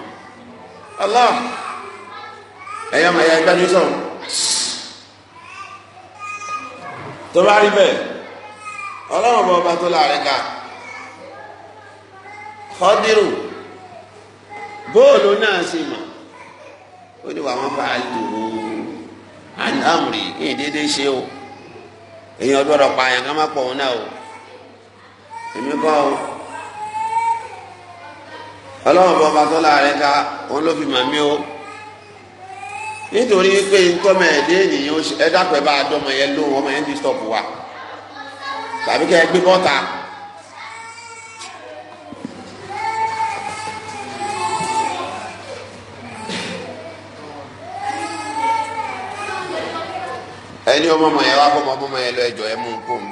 ní tó bá rí tó kọ́dírù góòlù náà sì mà ó ní wàá wọn bá a ihe àlámùrì yìí ṣe o èèyàn gbọ́dọ̀ pa àyàn ká má pọ̀ o emekọ o ọlọ́run bọ́ bá tọ́lá rẹ òun ló fi mà mí o nítorí pé ẹ̀dẹ́ ènìyàn ẹ dákọ̀ ẹ bá a yẹn lóhùn ọmọ yẹn ti stọ̀pù wa tàbí ẹ gbé bọ́ta. ẹni ọmọ ọmọ yẹn wá kọ́ ọmọ ọmọ yẹn lọ ẹjọ́ ẹ mú un kó ń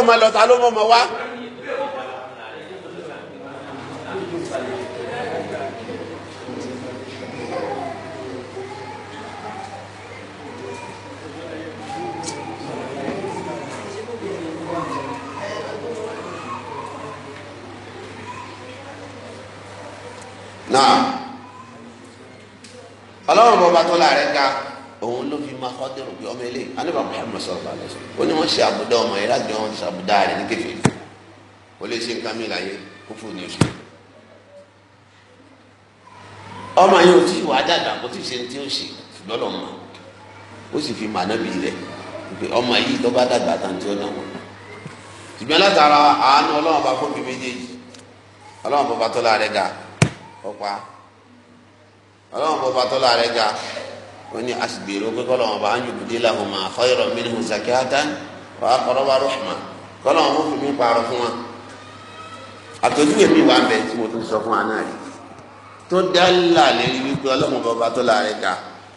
ọmọ lọ ta ló mọ ọmọ wá. náà ọlọ́run bọ́ bá tó láàrin ká máa kọ́ dẹ̀rù pé ọmọ ilé anábà Muhammad sallallahu alaihi wasallam ó ní wọ́n ṣe àbùdá ọmọ yẹn láti wọ́n ṣe àbùdá rẹ̀ ní kẹfẹ́ ó lè ṣe nǹkan mìíràn yẹn kó fún ní oṣù. ọmọ yẹn ò tí ì wá dàgbà kó tí ì ṣe ní tí ó ṣe lọ́lọ́ mọ́ ó sì fi màánà bí rẹ̀ pé ọmọ yìí tó bá dàgbà tán tí ó dán wọn. ṣùgbọ́n látara àánú ọlọ́run bá fún wọ́n ní asigbèrè ó pé kọ́lọ́wọ́n bá ń yòókù dé làwọn máa khayran minhu zakatan wa aqraba rahma kọ́lọ́wọ́n ó fi mí parọ́ fún wa. àtọ́júwe mi wà bẹ́ẹ̀ tí mo ti sọ fún wa náà rí tó dá là lérí wípé ọlọ́run bọba tó láàrin ká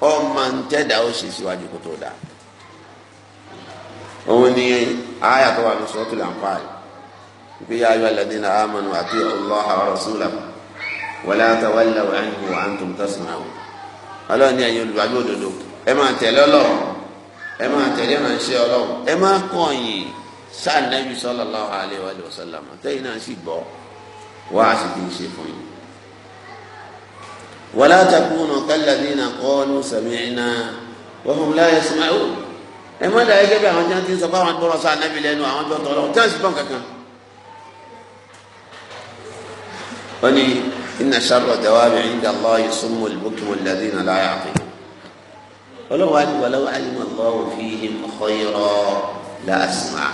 ọ máa ń tẹ́dà ó ṣe síwájú kó tó dà. òun ni àyà tó wà ní sọ́ọ́tù làǹfààní wípé yá ayọ́ alladhina amanu ati'u Allaha wa rasulahu wa la tawallu anhu wa antum ọlọ́run ní ẹ̀yin olùgbàgbé òdodo ẹ máa tẹ̀lé ọlọ́run ẹ máa tẹ̀lé ránṣẹ́ ọlọ́run ẹ máa kọ̀yìn sànẹ́bí sallallahu alaihi wa sallam tẹ́yìn náà sì gbọ́ wá a sì fi ṣe fún yín. wala takunu kalladhina qalu sami'na wa hum la yasma'un ẹ má dà gẹ́gẹ́ bí àwọn jẹ́ ti sọ pé àwọn gbọ́rọ̀ sànẹ́bí lẹ́nu àwọn jọ tọ́lọ́ inna sharra dawaabi inda allahi summu al-bukimu alladhina la ya'qilun ọlọ́wọ́ àti wàlọ́wọ́ alima allahu fihim khayra la asma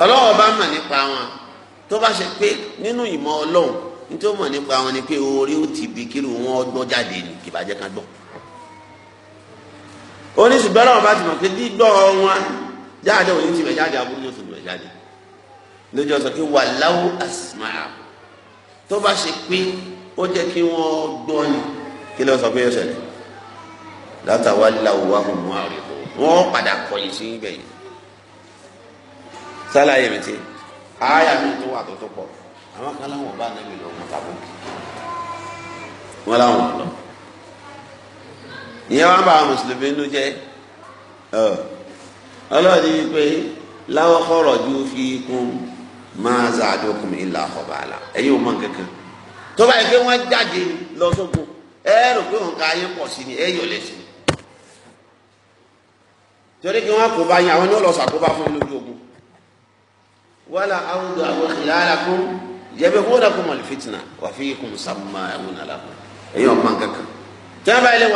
ọlọ́wọ́ bá mà nípa wọn tó bá ṣe pé nínú ìmọ̀ ọlọ́run nítorí mọ̀ nípa wọn ni pé orí ó ti bi kí wọn gbọ́ jáde ní kìbàjẹ́ kan gbọ́ oníṣùgbọ́n ọlọ́run bá ti mọ̀ pé dígbọ́ wọn jáde òní ti jáde abúlé yóò tó bẹ̀ jáde lójú ọ̀sán pé wàláwó asma tó bá ṣe pé ó jẹ́ kí wọ́n gbọ́ ni kí ló sọ pé ó ṣẹlẹ̀ látàwa láwo wá hùn mọ́ àrègbò wọ́n padà kọ̀yìn sí ibẹ̀ yìí sálàyé mi ti àyà mi tó wà tó tó pọ̀ àwọn kan láwọn bá nẹ́bí lọ mọ́ tàbùkì wọ́n láwọn lọ ìyẹn wọn bá àwọn mùsùlùmí nínú jẹ́ ọlọ́ọ̀ni wípé láwọn kọ̀rọ̀ ju fi kún un máa za àdókùn ilà àkọ́bàlà ẹ̀yin ò mọ nkankan tó bá yẹ pé wọ́n jáde lọ sóko ẹ rò pé òǹkà ayé pọ̀ sí ni ẹ yọ̀ lẹ́sìn torí kí wọ́n kó bá yín àwọn ni wọ́n lọ sàkóbá fún yín lójú ogun wàhálà àwùjọ àwọn ìlànà kún yẹbẹ kó dà kó mọ̀lì wà fi kún sàmúmá ẹ̀wọ̀n nàlá kún ẹ̀yin ò mọ nkankan tí wọ́n bá yẹ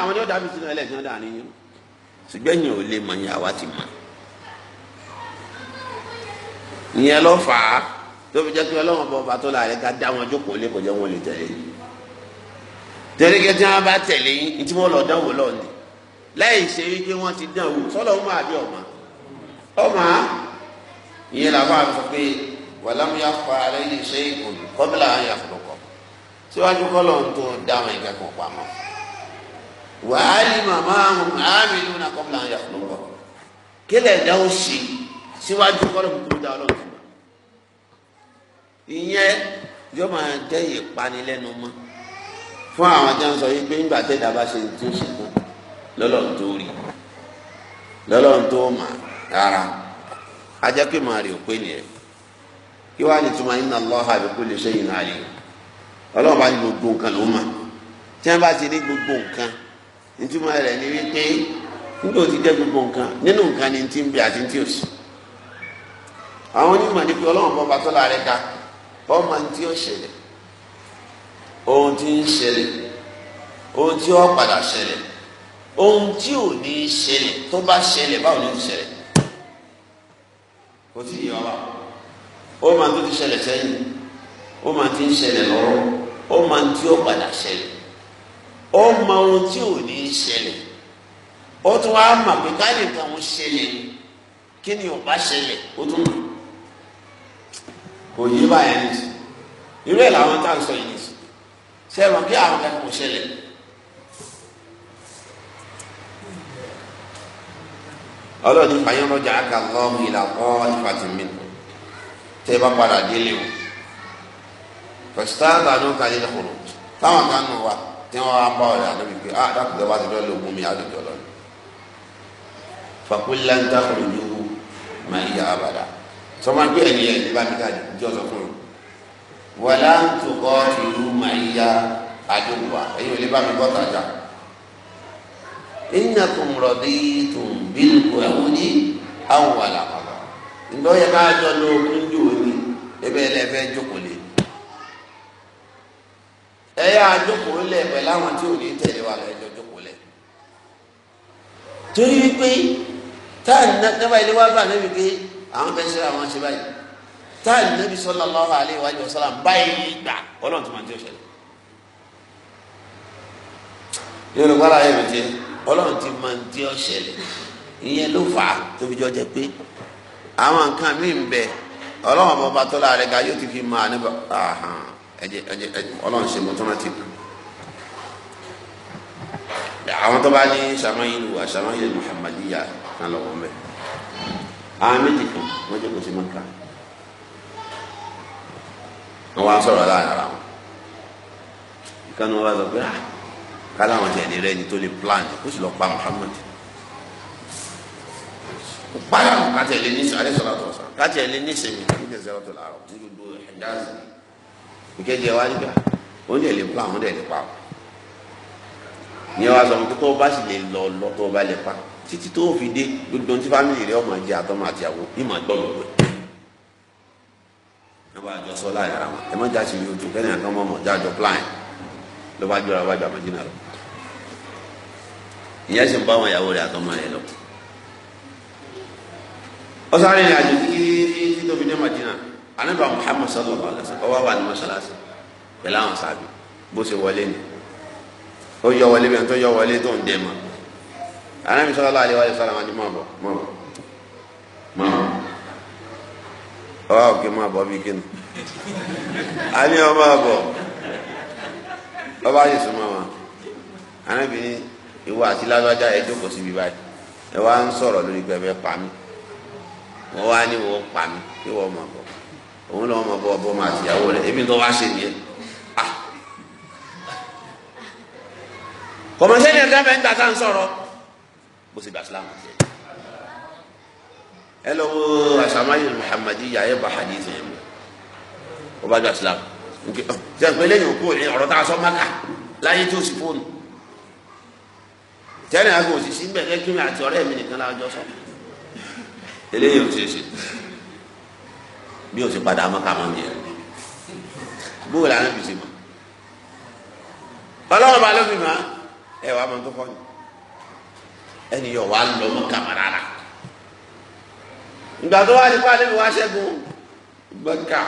àwọn ni wọ́n dà fìtìnà ẹlẹ́sìn náà ò lè mọ̀ ní àwa ti mọ̀ ìyẹn ló fà á tó fi jẹ́ kí ọlọ́run bọ̀ bàtọ́ la rẹ̀ ká dá wọn jókòó lé kọjá wọn lè tẹ̀lé torí kí tí wọn bá tẹ̀lé yín tí wọn lọ dánwò lọ́ọ̀ni láì ṣe wípé wọn ti dánwò sọ́lọ́ ọmọ àbí ọ̀ma ọ̀ma ìyẹn làwọn àfi pé wàlámúyà fa alẹ́ yìí ṣe ìkòlù kọ́bílà àwọn yà fọlọ́ síwájú kọ́ lọ́n tó dáhùn ẹ̀ka kan pamọ́ wàhálì màmá àmì síwájú kọ́lọ́mù tó dá ọlọ́run fún wa ìyẹn yóò máa jẹ́ ìpanilẹ́nu mọ́ fún àwọn tí wọ́n sọ yìí pé nígbà tẹ́lẹ̀ bá ṣe tó ṣe tán lọ́lọ́run tó rí lọ́lọ́run tó mà rárá ajá pé màá rí òpé nìyẹn kí wàá nìtúmọ̀ inna Allaha bi kulli shay'in alim ọlọ́run bá ní gbogbo nǹkan ló mà tí wọ́n bá ti ní gbogbo nǹkan ìtumọ̀ rẹ̀ ni wípé nígbà tí jẹ́ gbogbo nǹkan nínú nǹkan ni ti ń bẹ àti ti ò sí àwọn onímọ̀ ní pé ọlọ́run bọ́ba tó láàrẹ ga ọmọ tí ó ṣẹlẹ̀ ohun tí ń ṣẹlẹ̀ ohun tí ó padà ṣẹlẹ̀ ohun tí ò ní ṣẹlẹ̀ tó bá ṣẹlẹ̀ báwo ni ó ti ṣẹlẹ̀ kò tí ì yọ wa ó máa tó ti ṣẹlẹ̀ sẹ́yìn ó máa ti ń ṣẹlẹ̀ lọ́wọ́ ó máa tí ó padà ṣẹlẹ̀ ó máa ohun tí ò ní ṣẹlẹ̀ ó tún wá mà pé ká lè kàwọn ṣẹlẹ̀ kí ni ò bá ṣẹlẹ̀ ó tún mọ̀ kò yé báyẹn ní sùn irú ẹ̀ làwọn tá à ń sọ yìí ní sùn sẹ́wọ̀n kí àwọn kan kò ṣẹlẹ̀. ọlọ́ọ̀ni fàyọ́nọ́jà àgàlọ́ọ̀mù ìlàkọ́ ìfàtìmí tẹ́ bá padà délé o pẹ̀sítáàtà ló ń kalẹ̀ lẹ́kọ̀ọ́ táwọn kan nù wa tí wọ́n á bá ọ̀rẹ́ àdóbi pé ah dákùtà bá ti dọ́ lóògùn mi àdójọ́ lọ́nà. fàkúlẹ̀ ń dákùrù ju màá yà abàdà sọmọdé ẹni ẹni bá mi káàdì ìjọ sọ fún mi wàlá tó kọ́ tìlú màáyá àdókòwà ẹ̀yin ò lè bá mi bọ́ tàjà ìnà kò mọ̀rọ̀ dé tó ń bínú kó ẹ̀wọ̀n ní àwọn wàlà kọ̀ọ̀kan ǹdọ́ yẹ ká jọ lọ ogún jù ní ebe ẹlẹ́fẹ́ jókòó lé ẹ yá jókòó lẹ̀ pẹ̀lú àwọn tí ò ní tẹ̀lé wa lọ ẹjọ́ jókòó lẹ̀ torí wípé táà ní náà àwọn fẹ́ ṣe àwọn ṣe báyìí táàlì nàbí sallallahu alaihi wa sallam báyìí gbà ọlọ́run tó máa ń tí ó ṣẹlẹ̀ yorùbá la yẹn ti ọlọ́run ti máa ń tí ó ṣẹlẹ̀ ìyẹn ló fà á tó fi jọ jẹ pé àwọn nǹkan mi ń bẹ ọlọ́run ọba tó la rẹ̀ ga yóò ti fi máa níbà ẹ̀jẹ̀ ẹ̀jẹ̀ ọlọ́run ṣe mọ́tò àwọn tó bá ní sàmáyé lu àsàmáyé muhammadiya náà lọ́wọ́ mẹ́rin àwọn méjì kan wọ́n jókòó sí mọ́kà wọ́n wá sọ̀rọ̀ láàrin ara wọn ìkànnì wọn wá sọ pé ah kálá àwọn jẹ̀ẹ́dì rẹ ni tó lè plan ó sì lọ pa Muhammad ó pààyà wọn káti ẹ̀ lé ní sàlẹ̀ sọ̀rọ̀ àtọ̀ sàn káti ẹ̀ lé ní sèmi ní kẹsẹ̀ ọ̀tọ̀ làárọ̀ ní gbogbo ẹ̀dá sí i ìkẹ́jẹ́ wa nígbà ó ní ẹ̀ lè plan ó ní ẹ̀ lè pa ó ní ẹ wá sọ fún kí tó bá sì lè lọ lọ tó bá lè pa títí tó fi dé gbogbo tí fámìlì rẹ ọmọ jẹ àtọmọ àtìyàwó ìmọ̀ gbọ́ gbogbo ẹ̀. ẹ bá jọ sọ láàyè ara wọn ẹ má jáde ní ojú kẹ́ni àtọmọ ọmọ jájọ plan ló bá jọra wájú àmọ́jìnà lọ. ìyá sì ń bá àwọn ìyàwó rẹ àtọmọ rẹ lọ. ó sáré ní àjò kíkiri tó fi dé Madina anábà Muhammad sallallahu alaihi wasallam ọwọ́ wà ní mọ́ṣáláṣí pẹ̀lú àwọn sàbí bó ṣe wọlé ni ó yọ wọlé bí wọn tó yọ wọlé tó ń dẹ́ mọ́ anabi sọlá alẹ́ wa sọlá wọn ni máa bọ̀ máa bọ̀ máa bọ̀ ọ̀ kí máa bọ̀ bí kíni ani ọ máa bọ̀ ọba yìí sọ máa wọn anabi ni ìwọ àti lágbájá ẹ jókòó síbi báyìí ẹ wá ń sọ̀rọ̀ lórí pẹ̀pẹ́ pa mí wọ́n wá ní wọ́n pa mí kí wọ́n máa bọ̀ òun lọ́wọ́ máa bọ̀ ọbọ̀ máa tìyàwó rẹ̀ èmi tó wá ṣe nìyẹn. Ah! kọ̀mọ̀sẹ́ni ẹ̀ka fẹ́ ń gbà tá à ń bó ṣe gba islam ṣe ẹ lọ wo asamayi muhammadi yaaye ba hadith yẹn mu ó bá gba islam ṣe pé lẹ́yìn òkú ọ̀rọ̀ tá a sọ maka láyé tó sì fóònù tẹ́lẹ̀ àgọ́ òṣìṣẹ́ gbẹ̀gẹ́ kí mi àti ọ̀rẹ́ mi nìkan lájọ sọ eléyìí ò ṣeé bí o ṣe padà mọ́ ká mi yẹn bóòlù àná bìí ṣe mọ́ ọlọ́run bá ló fi mọ́ ẹ wàá mọ́ tó kọ́ ni ẹni yọ wá lọ mọ kàmárà rà ìgbà tó wá nípa níbi wá ṣẹ́gun gbọ́ǹkà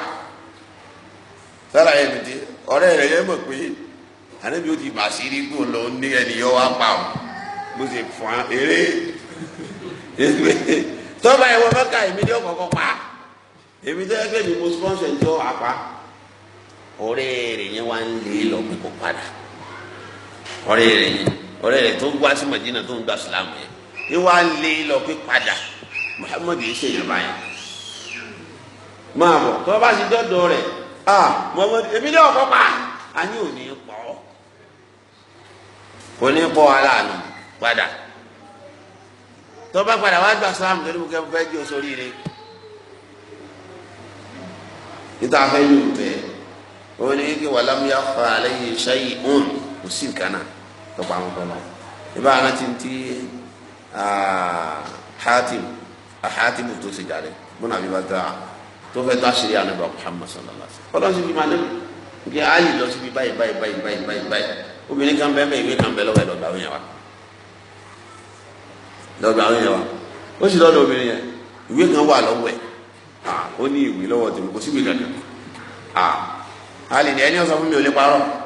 sára yẹn ti ọ̀rẹ́ rẹ̀ yẹn mọ̀ pé ànábi ó ti bà sí rí gbò lọ ní ẹni yọ wá pa ọ bó ṣe fún eré tọ́ba ẹ̀wọ̀n mẹ́ka èmi ni ó kọ́kọ́ pa èmi tó yẹ kéde mo sponsor ń tọ́ apá ọ̀rẹ́ rẹ̀ yẹn wá ń lé lọ pé padà ọ̀rẹ́ yẹn ọ̀rẹ́ rẹ̀ tó wá sí Madina tó ń gba Islam yẹn ni wàá lé lọ pé padà Muhammad yìí ṣe yàrá yẹn máa bọ̀ tó bá ti dọ́dọ̀ rẹ̀ ah Muhammad èmi náà kọ́ pa á òní pọ̀ kò ní pọ̀ aláàánú padà tó bá padà wá gba Islam tó ní mo kẹ́ mo jí o sórí rẹ̀ níta fẹ́ yóò bẹ̀ ọ́ ní kí wàlámù yà fà á lẹ́yìn ṣáyé òun kò sí nǹkan tó pamọ́ fọlọ́ ibà rántí ti Hatim Hatim tó ṣe jáde bọ́nà àbí bàtà tó fẹ́ tó àṣírí àná bá Muhammad sallallahu alaihi wasallam fọlọ́ sí fi máa lẹ́nu nkẹ́ ayé lọ síbi báyìí báyìí báyìí báyìí báyìí báyìí obìnrin kan bẹ́ẹ̀ bẹ́ẹ̀ ìwé kan bẹ́ẹ̀ lọ́wọ́ ẹ̀ lọ́gbà àwọn yẹn wa lọ́gbà àwọn yẹn wa ó sì lọ́dọ̀ obìnrin yẹn ìwé kan wà lọ́wọ́ ẹ̀ ó ní ìwé lọ́wọ́ tèmi kò síbi kankan àlè ni ẹni ọ̀sán fún mi ò lè parọ́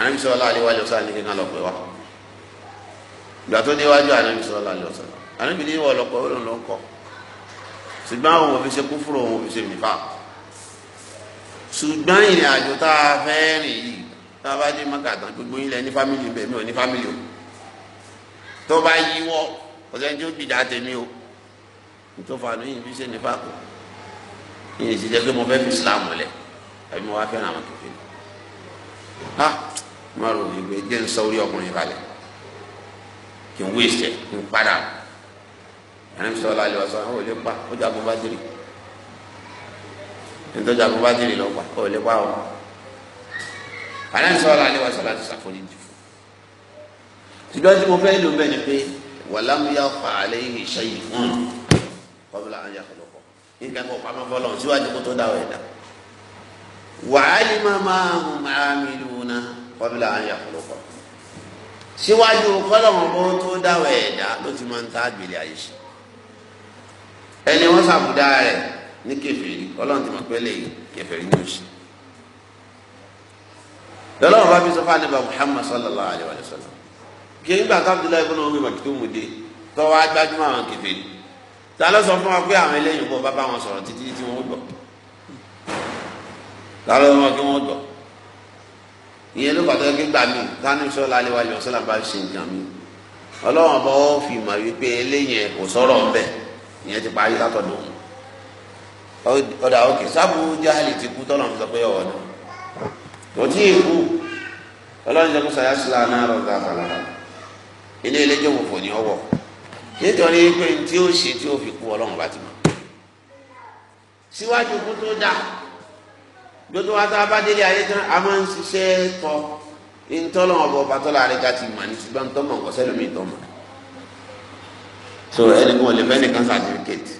ànábi sọlá aléwájú ọsán ní kankan lọpẹ wa ìgbà tó déwájú ànábi sọlá aléwájú ọsán ànábi ní ìwọ lọpọ ó lọ lọ kọ ṣùgbọ́n àwọn òfin ṣe kúfúrò òun òfin ṣe nìfà ṣùgbọ́n ìrìn àjò tá a fẹ́ rìn yìí tá a bá dé mọ́kà tán gbogbo yín lẹ ní fámìlì bẹ́ẹ̀ mi ò ní fámìlì o tó bá yíwọ́ ọ̀sẹ̀ tí ó gbìjà tèmi o nítorí àwọn yìí fi ṣe nìfà kù yìí ṣe jẹ́ pé mo fẹ́ fi Islam lẹ̀ àbí mo wá fẹ́ràn àwọn kẹfẹ́ ni. Ah! má ro ní gbé jẹ́ ń sọ orí ọkùnrin balẹ̀ kì ń wéṣẹ̀ kì ń padà ẹni sọ la lè wá sọ ọ lè pa ó jagun bá dìrì ẹni tó jagun bá dìrì lọ pa ó lè pa ọ ẹni sọ la lè wá sọ láti sàfọ́lì jù ṣùgbọ́n tí mo fẹ́ lò bẹ́ẹ̀ ni pé wàlámúyà fà á lẹ́yìn ìṣẹ́yìn fún un kọ́bílà àyà kọ́ lọ́kọ́ nǹkan pamọ́ fọlọ́ síwájú kó tó dáwọ̀ ẹ̀dá wàhálì máa máa hùn máa mi kọ́bílà àyà fọlọ́kọ́ síwájú kọ́lọ́mù kó tó dáwọ̀ ẹ̀dá ló ti máa ń tá àgbèlè ayé ṣe ẹni wọ́n ṣàbùdá rẹ̀ ní kẹfẹ́rí ọlọ́run ti mọ̀ pé lè kẹfẹ́rí ní oṣù lọ́lọ́run bá fi sọ fún Muhammad sallallahu alayhi wa sallam kí n gbà Abdullahi ibn Ummi Maktum dé tọ́wọ́ agbájúmọ́ àwọn kẹfẹ́rí ta ló sọ fún wa pé àwọn eléyìí bá bá wọn sọ̀rọ̀ títí tí wọ́n gbọ́ ta ló sọ fún wa pé wọ́n gbọ́ ìyẹn ló pàtó kí gbà mí tani sọlá aléwájú ọsọlá bá ṣe nǹkan mi Ọlọ́run ọba fi mọ̀ wípé eléyẹn kò sọ̀rọ̀ ìyẹn ti parí látọ̀dọ̀ òun ọ̀dà òkè sábù jáàlì ti kú tọ́lọ̀ sọ pé ọ̀wọ́ kò tí ì kú Ọlọ́run sọ pé náà ilé ẹlẹ́jọ́ òfò ọwọ́ nítorí pé tí ó ṣe tí ó fi kú Ọlọ́run bá ti mọ̀ síwájú kú tó gbogbo wa tá a bá délé ayé tán a máa ń ṣiṣẹ́ tọ́ ntọ́lọ́ ọ̀bọ̀ pàtọ́lá rẹ̀ ti mọ̀ ní ṣùgbọ́n ntọ́ mọ̀ nǹkan sẹ́lẹ̀ so ẹnìkan ò lè fẹ́ nìkan certificate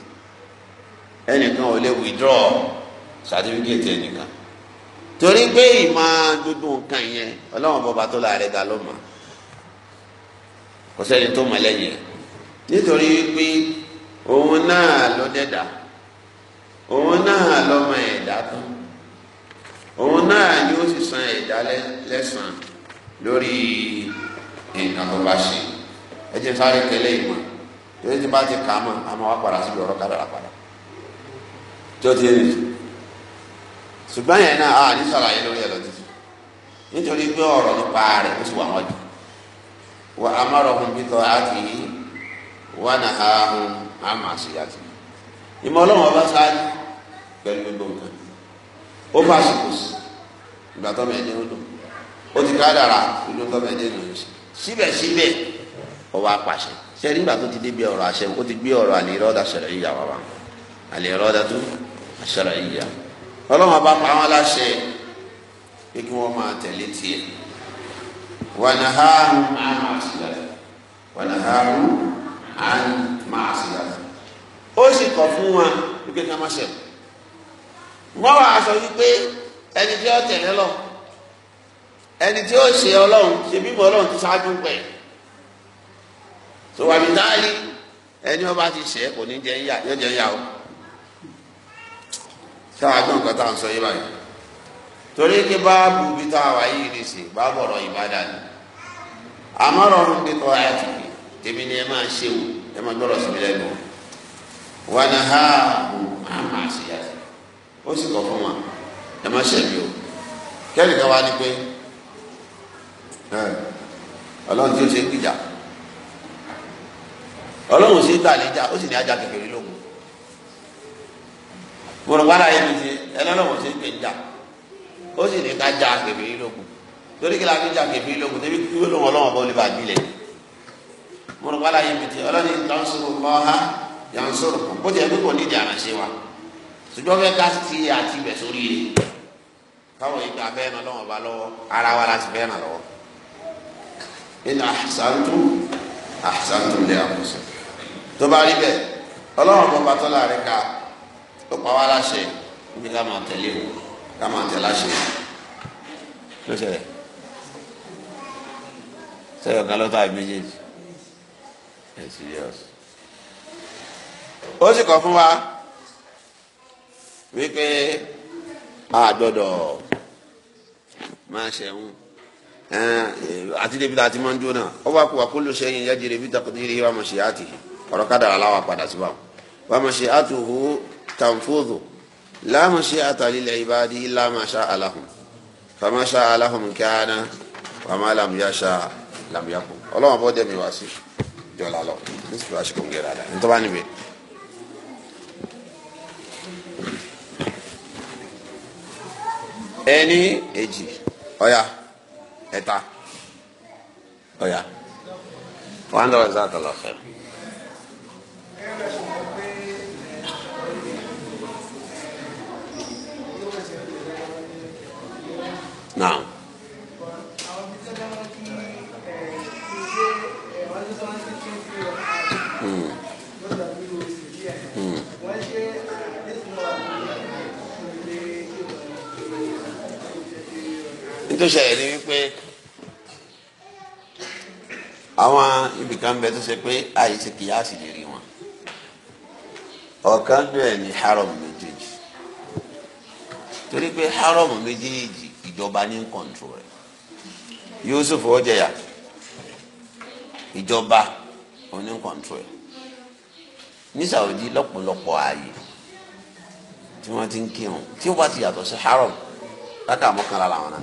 ẹnìkan ò lè withdraw certificate ẹnìkan torí pé ìmọ̀ gbogbo nǹkan yẹn ọlọ́wọ́n bọ̀ pàtọ́lá rẹ̀ ká ló mọ̀ kò sẹ́ni tó mọ̀ lẹ́yìn ẹ̀ nítorí pé òun náà ló òun náà lọ́mọ ẹ̀dá tán òun náà yóò sì san ẹ̀dá lẹ́sàn lórí nǹkan tó bá ṣe ẹ jẹ́ sáré kẹlẹ́ ìmọ̀ tó ti bá ti kà á mọ̀ àmọ́ wá padà síbi ọ̀rọ̀ kádàrà padà tó ti rí ṣùgbọ́n yẹn náà a ní sàlàyé lórí ẹ̀ lọ títí nítorí pé ọ̀rọ̀ nípa rẹ̀ ó sì wà wọ́n jù wà á má rọ̀hún bí tọ́ àti wà náà ààrùn àmà sí àti ìmọ̀ ọlọ́run ọba sáájú pẹ̀lú gbogbo nǹkan ó bá àsìkò sí ìgbà tó mẹ́ẹ̀ẹ́dẹ́ ó lò ó ti kádàrà ìlú tó mẹ́ẹ̀ẹ́dẹ́ ló ń ṣe síbẹ̀síbẹ̀ ó wá pàṣẹ ṣé nígbà tó ti débi ọ̀rọ̀ àṣẹ ó ti gbé ọ̀rọ̀ àlè ìrọ́dà ṣẹlẹ̀ yíyà wá wá àlè ìrọ́dà tó ṣẹlẹ̀ yíyà ọlọ́run bá pa wọn láṣẹ pé kí wọ́n máa tẹ̀lé tiẹ̀ wànàhàrù àn máa sílẹ̀ wànàhàrù àn máa sílẹ̀ ó sì kọ̀ fún wọn wípé ká má ṣẹ̀wọ̀. wọ́n wàá sọ wípé ẹni tí ó tẹ̀lé lọ ẹni tí ó ṣe ọlọ́run ṣe bímọ ọlọ́run ti tó wà dáálí ẹni ọba ti ṣe kò ní jẹ yóò jẹ o nǹkan tá à ń sọ yí báyìí torí kí báàbù bí tá a wà ní sè báàbù ọ̀rọ̀ ìbàdàn ni àmọ́ bí tọ́ ayé ti fi ni ẹ máa o ẹ máa gbọ́dọ̀ lẹ́nu wọn ni ha ó sì kọ́ fún wa ẹ má ṣẹ̀bi o kẹ́nìkan wá ní pé ọlọ́run tí ó ṣe ń gbìjà ọlọ́run ṣe ń tà níjà ó sì ní ajá kékeré lógun mọ̀rọ̀gbára yẹn mi ti ẹlọ́run ṣe ń pè níjà ó sì ní kájà kékeré lógun torí kí la fi jà kékeré lógun débi kí wọ́n lọ́wọ́ ọlọ́run ọba olè bá gbilẹ̀ mọ̀rọ̀gbára yẹn mi ti ọlọ́run yẹn ń tọ́ sọ̀rọ̀ lọ́ha yẹn ń sọ̀rọ̀ kó tiẹ̀ kó kò ní ìdí àràṣe wa ṣùgbọ́n fẹ́ ká sí àti ibẹ̀ sórí rẹ̀ táwọn ìgbà fẹ́ ràn lọ́wọ́ bá lọ́wọ́ ara wa láti fẹ́ ràn lọ́wọ́. in ahsantum ahsantum li anfusikum tó bá rí bẹ́ẹ̀ ọlọ́run bọ́ bàtọ́ láàrin ká ó pa wá láṣẹ níbi ká máa tẹ̀lé o ká máa tẹ̀ láṣẹ. ló ṣẹlẹ̀ sẹ́yọ̀ kan lọ́tọ̀ àbí méjèèjì. ó sì fún wa wípé àgbọ̀dọ̀ máa ṣẹ̀wọ̀n àti débi tá a ti máa ń jó náà ó bá kú wa kó ló ṣẹ́yìn yá jèrè bí takùtì rí wa mọ̀ ṣe àti ọ̀rọ̀ kádàrà láwa padà sí wa wa mọ̀ ṣe àtúhù tàǹfóòdù láàmú ṣe àtàlílẹ̀ ìbáàdí láàmú ṣá aláhùn fàmà ṣá aláhùn kíáná fàmà làmúyá ṣá làmúyá kù ọlọ́wọ́n bọ́ dẹ́mi wá sí jọ̀ọ́ lálọ́ nítorí wàá ṣe kò ń gẹ̀rẹ́ àdá nítorí wàá níbẹ̀. ẹni èjì ọ̀yà ẹ̀ta ọ̀yà one dollar zaa kala ọ̀fẹ́. Now. tó ṣẹlẹ̀ ni wípé àwọn ibìkan bẹ tó ṣe pé àìsí kìyàsí lè rí wọn ọ̀kan dùn ẹ̀ ní haram méjèèjì torí pé haram méjèèjì ìjọba ní kọ̀ǹtró rẹ̀ Yusuf ọjẹyà ìjọba oní kọ̀ǹtró rẹ̀ ní Saudi lọ́pọ̀lọpọ̀ ààyè tí wọ́n ti ń kírun tí wọ́n bá ti yàtọ̀ sí haram látàmọ́kànlá làwọn náà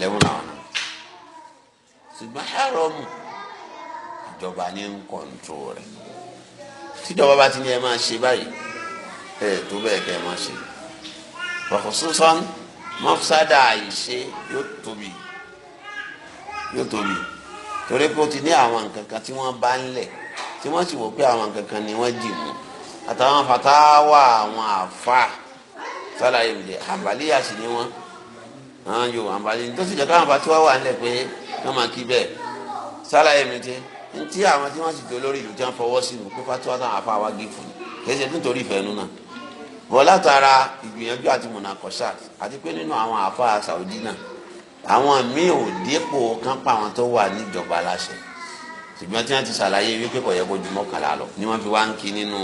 lẹ́wọ̀n làwọn náà ṣùgbọ́n àrọ́mù ìjọba ní ń kọ̀ǹtró rẹ̀ tíjọba bá ti ní ẹ máa ṣe báyìí ẹ tó bẹ́ẹ̀ kẹ́ ẹ máa ṣe pàkó sísan mọ́fúsádà àìṣe yóò tóbi yóò tóbi torí pé ó ti ní àwọn nǹkan kan tí wọ́n bá ń lẹ̀ tí wọ́n sì wò pé àwọn nǹkan kan ni wọ́n jì mú àtàwọn fatawa àwọn àfa sálàyé ìlẹ̀ àbálíyà sì ni àwọn yóò wà ń balẹ̀ tó sì jẹ́ káwọn bá tí wọ́n wà nílẹ̀ pé wọ́n máa kí bẹ́ẹ̀ sálàyé mi ti ntí àwọn tí wọ́n sì tó lórí ìlú tí wọ́n fọwọ́ sí ìlú pé fatuwa táwọn afá wa gé fún kìí nítorí ìfẹ́ náà bọ́ látara ìgbìyànjú àti mùnàkọ́ṣà àti pé nínú àwọn afá Saudi náà àwọn míì ò dépò kán pa àwọn tó wà níjọba aláṣẹ ṣùgbọ́n tí wọ́n ti ṣàlàyé wípé kò yẹ kó mọ́kànlá lọ ni wọ́n fi wá ń kí nínú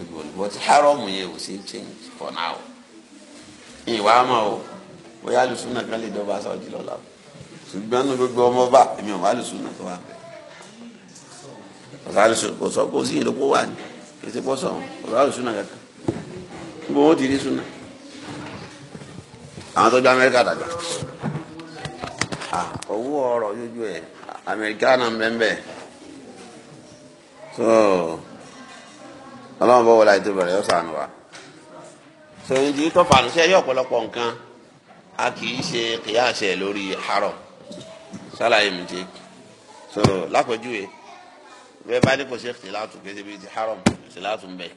ṣùgbọ́n tí hárọ̀mù yẹn ò sí change for now ìwà máa o bóyá alùsùnà kan lè dọba sọjí lọ́la ṣùgbọ́n nínú gbogbo ọmọ bá èmi ò má alùsùnà tó wà bẹ́ẹ̀ ọ̀sán alùsùnà kò sọ kó sí ìlú kó wà ní ètò pọ̀ sọ̀rọ̀ ọ̀rọ̀ alùsùnà kankan gbogbo wọn ti rí sùnà àwọn tó gbé amẹ́ríkà dàgbà owó ọ̀rọ̀ yójú ẹ̀ amẹ́ríkà náà bẹ́ẹ̀ so ọlọ́run bọ́ wọlé àìtó bẹ̀rẹ̀ yọ sànù wa so ìdí tó fàánù sí ẹyọ ọ̀pọ̀lọpọ̀ nǹkan a kì í ṣe kìyàṣẹ lórí haram sálàyé mi ti so lápẹjúwe bẹ́ẹ̀ bá ní kò ṣe ìtìlátù kí ẹ ṣe ti haram ìtìlátù ń bẹ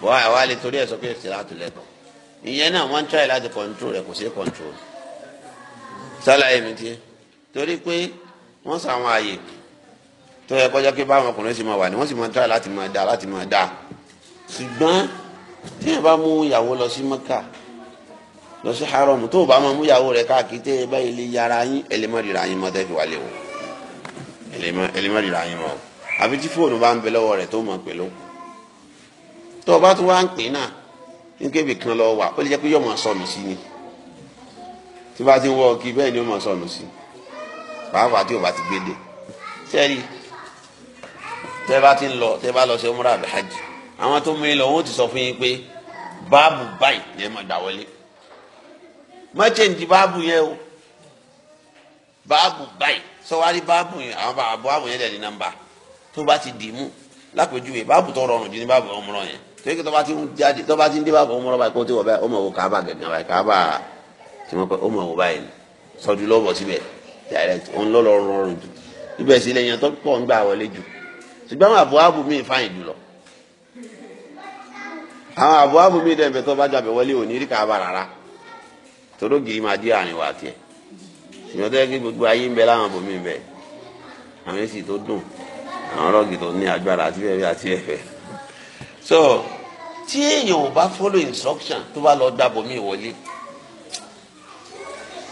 bọ́ àwa lè torí ẹ̀ sọ pé ìtìlátù lẹ́tọ̀ọ́ ìyẹn náà wọ́n ń tọ́ ẹ̀ láti kọ̀ǹtró rẹ̀ kò ṣe kọ̀ǹtró sálàyé mi ti torí pé wọ́n sọ àyè tó yẹ kọjá pé báwọn ọkùnrin sì máa wà ní wọ́n sì máa tọ́ ẹ̀ láti máa dá láti máa dá ṣùgbọ́n tí yẹn bá mú ìyàwó lọ sí Mẹ́kà lọ sí haram tó o bá máa mú ìyàwó rẹ káàkiri tẹ ẹ báyìí lè yára yín ẹlẹmọ rira yín mọ tẹfì wálé o ẹlẹmọ rira yín mọ àfi tí fóònù bá ń bẹ lọ́wọ́ rẹ tó mọ pé ló tó o bá tún wá ń pè náà nígbèbè kan lọ wà ó lè jẹ pé yóò máa sọnù sí ni tí bá ti wọ kí bẹ́ẹ̀ ni ó máa sọnù sí pàápàá tí o bá ti gbé dé sẹ́ẹ̀rì tẹ́ bá ti ń lọ tẹ́ bá lọ sí umrah àbí àwọn tó mú má change báàbù yẹn o báàbù báyìí sọwárí báàbù yẹn àwọn báàbù àwọn yẹn dẹ̀ ní nọ́mbà tó bá ti dì í mú lápèjúwe báàbù tó rọrùn ju ní báàbù ọmọrọ yẹn torí tó bá ti ń jáde tó bá ti ń dé báàbù ọmọrọ báyìí kó tó wọ báyìí ó mọ̀ wò káàbà gẹ̀gẹ̀ báyìí káàbà tí wọ́n pẹ́ ó mọ̀ wò báyìí sọdún lọ́wọ́ síbẹ̀ direct òun ló lọ́ọ́ rọrùn jù ibẹ̀ sí lẹ́yìn tó pọ̀ ń gbà wọlé jù ṣùgbọ́n àwọn àbúhábù mi fáyìn jù lọ àwọn àbúhábù mi dẹ̀ ń bẹ tó toro giri máa di àárín wa tiẹ̀ ìyọ́n tó yẹ kí gbogbo ayé ń bẹ láwọn bòmí ń bẹ àwọn èsì tó dùn àwọn rọ́ọ̀gì tó ní agbára àti bẹ́ẹ̀ àti ẹ̀fẹ̀ so tí èèyàn ò bá follow instruction tó bá lọ gba bòmí wọlé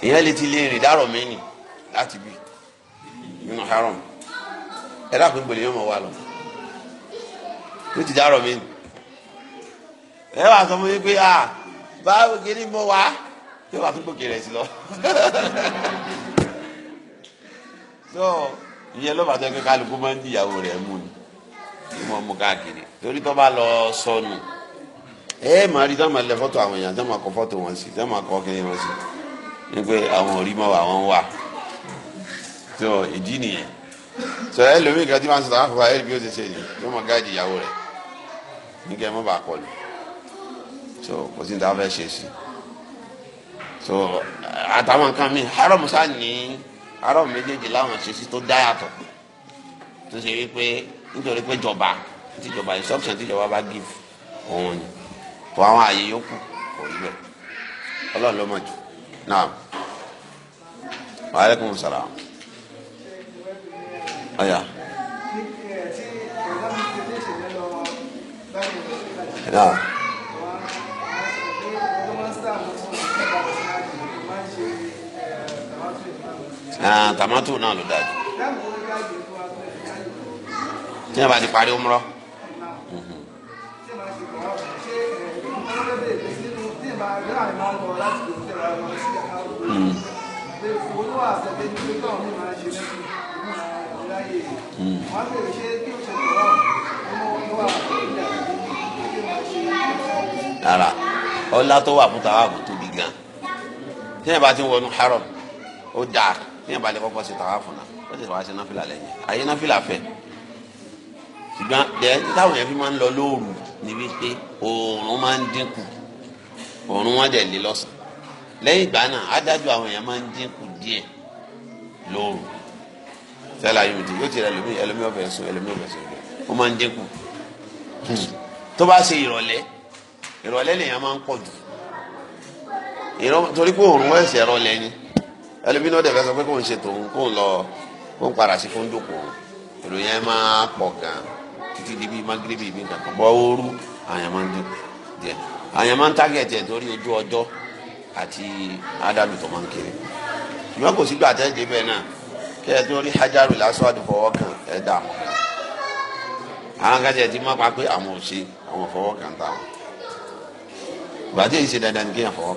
èèyàn lè ti lè rìn dárò mẹ́ni láti bí nínú haram ẹ dákun gbèlè yóò mọ̀ wá lọ yóò ti dárò mẹ́ni ẹ wà sọ fún mi pé ah báwo kiri mọ wá yóò wá tún gòkè rẹ̀ sí lọ. so ìyẹn ló bá tọ́ pé kálukú máa ń di ìyàwó rẹ̀ mú ni kí wọ́n mú káàkiri torí tó bá lọ sọnù ẹ máa rí táwọn ẹlẹ fọ́tò àwọn èèyàn táwọn akọ fọ́tò wọn sí táwọn akọ kiri wọn sí ni pé àwọn òrí mọ́ àwọn wà so ìdí nìyẹn so ah, ẹ lómi ìkàtí máa ń sọ̀rọ̀ àfọwọ́ ẹ bí ó ti ṣe ni yóò máa gáàdì ìyàwó rẹ̀ nígbà ẹ má bàa kọlu so kò sí ní ta fẹ́ ṣe sí i. so àtàwọn nǹkan mi haram sá ní haram méjèèjì láwọn ṣèṣì tó dá yàtọ̀ tó ṣe wípé nítorí pé jọba tíjọba instruction jọba bá give òun ni tó àwọn àyè yòókù kò rí bẹ́ẹ̀ náà salaam Ah, tàmátò náà ló dájú tí a bá ti parí umrọ. ara ọlá tó wà fún tàwa kò tóbi gan tí a bá ti wọnú haram ó dáa ní abalẹ̀ kọ́kọ́ ṣe tàwa fún na ó sì wáá ṣe náfìlà lẹ́yìn àyè náfìlà fẹ́ ṣùgbọ́n dẹ́ táwọn yẹn fi máa ń lọ lóòrù níbi pé oòrùn máa ń dínkù oòrùn wọn dẹ̀ lé lọ́sàn lẹ́yìn ìgbà náà adájọ́ àwọn yẹn máa ń dínkù díẹ̀ lóòrù tẹ́lẹ̀ ayé mi ti yóò ti rẹ ẹlòmíì ẹlòmíì ọbẹ̀ sùn ẹlòmíì ọbẹ̀ sùn ó máa ń dínkù tó bá ṣe ìrọ̀lẹ́ ìrọ̀lẹ́ lèèyàn máa ń pọ̀ jù torí pé oòrùn wẹ̀sẹ̀ rọlẹ́ ni ẹlòmínú ọdẹ fẹsọ pé kò ń ṣe tòun kò ń lọ kò ń padà sí fún dòkò ìròyìn ẹ máa pọ̀ gan títí di bíi magrebi bíi kankan bọ ooru àyàn máa ń dùn díẹ̀ àyàn máa ń tágẹ̀tì ẹ̀ torí ojú ọjọ́ àti ádàlù tó máa ń kiri ṣùgbọ́n kò sígbà tẹ́ dé bẹ́ẹ̀ náà kẹ́ ẹ tó rí hajaru lásán àdúfọwọ́ kan ẹ dà mọ́ àwọn kájẹ ti má pa pé àwọn ò ṣe àwọn fọwọ́ kan tà wọn ìbàdí yìí ṣe dandan ní kéèyàn fọwọ́